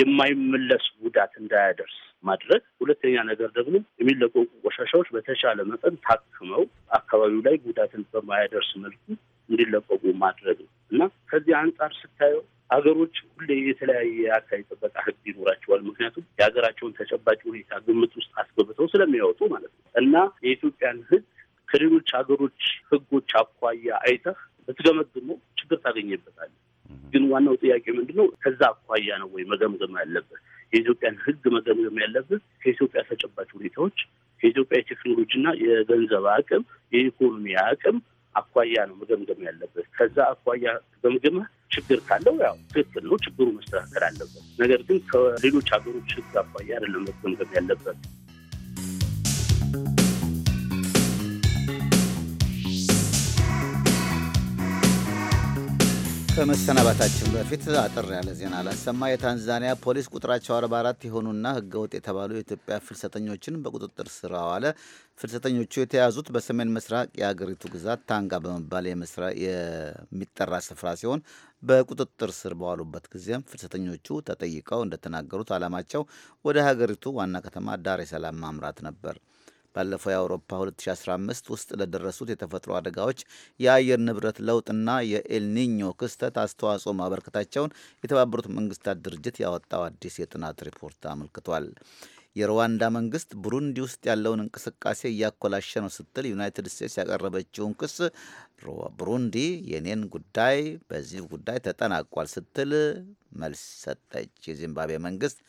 የማይመለስ ጉዳት እንዳያደርስ ማድረግ። ሁለተኛ ነገር ደግሞ የሚለቀቁ ቆሻሻዎች በተቻለ መጠን ታክመው አካባቢው ላይ ጉዳትን በማያደርስ መልኩ እንዲለቀቁ ማድረግ ነው እና ከዚህ አንጻር ስታየው አገሮች ሁሌ የተለያየ አካል ጥበቃ ህግ ይኖራቸዋል። ምክንያቱም የሀገራቸውን ተጨባጭ ሁኔታ ግምት ውስጥ አስገብተው ስለሚያወጡ ማለት ነው እና የኢትዮጵያን ህግ ከሌሎች ሀገሮች ህጎች አኳያ አይተህ ብትገመግመው ችግር ታገኝበታል። ግን ዋናው ጥያቄ ምንድነው ከዛ አኳያ ነው ወይ መገምገም ያለብህ? የኢትዮጵያን ህግ መገምገም ያለብህ ከኢትዮጵያ ተጨባጭ ሁኔታዎች፣ ከኢትዮጵያ የቴክኖሎጂና የገንዘብ አቅም፣ የኢኮኖሚ አቅም አኳያ ነው መገምገም ያለበት። ከዛ አኳያ ገምግመ ችግር ካለው ያው ትክክል ነው ችግሩ መስተካከል አለበት። ነገር ግን ከሌሎች ሀገሮች ህግ አኳያ አይደለም መገምገም ያለበት። ከመሰናባታችን በፊት አጠር ያለ ዜና ላሰማ የታንዛኒያ ፖሊስ ቁጥራቸው 44 የሆኑና ህገወጥ የተባሉ የኢትዮጵያ ፍልሰተኞችን በቁጥጥር ስር አዋለ። ፍልሰተኞቹ የተያዙት በሰሜን ምስራቅ የአገሪቱ ግዛት ታንጋ በመባል የሚጠራ ስፍራ ሲሆን በቁጥጥር ስር በዋሉበት ጊዜም ፍልሰተኞቹ ተጠይቀው እንደተናገሩት ዓላማቸው ወደ ሀገሪቱ ዋና ከተማ ዳሬ ሰላም ማምራት ነበር። ባለፈው የአውሮፓ 2015 ውስጥ ለደረሱት የተፈጥሮ አደጋዎች የአየር ንብረት ለውጥና የኤልኒኞ ክስተት አስተዋጽኦ ማበርከታቸውን የተባበሩት መንግስታት ድርጅት ያወጣው አዲስ የጥናት ሪፖርት አመልክቷል። የሩዋንዳ መንግስት ቡሩንዲ ውስጥ ያለውን እንቅስቃሴ እያኮላሸ ነው ስትል ዩናይትድ ስቴትስ ያቀረበችውን ክስ ቡሩንዲ የኔን ጉዳይ በዚህ ጉዳይ ተጠናቋል ስትል መልስ ሰጠች። የዚምባብዌ መንግስት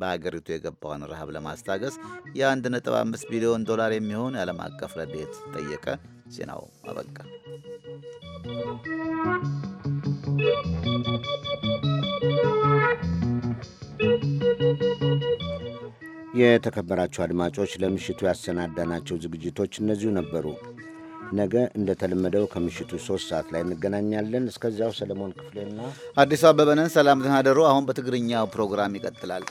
በአገሪቱ የገባውን ረሃብ ለማስታገስ የ1.5 ቢሊዮን ዶላር የሚሆን የዓለም አቀፍ ረድኤት ጠየቀ። ዜናው አበቃ። የተከበራቸው አድማጮች ለምሽቱ ያሰናዳናቸው ዝግጅቶች እነዚሁ ነበሩ። ነገ እንደተለመደው ከምሽቱ ሶስት ሰዓት ላይ እንገናኛለን። እስከዚያው ሰለሞን ክፍሌና አዲሱ አበበ ነን። ሰላም ደህና ደሩ። አሁን በትግርኛው ፕሮግራም ይቀጥላል።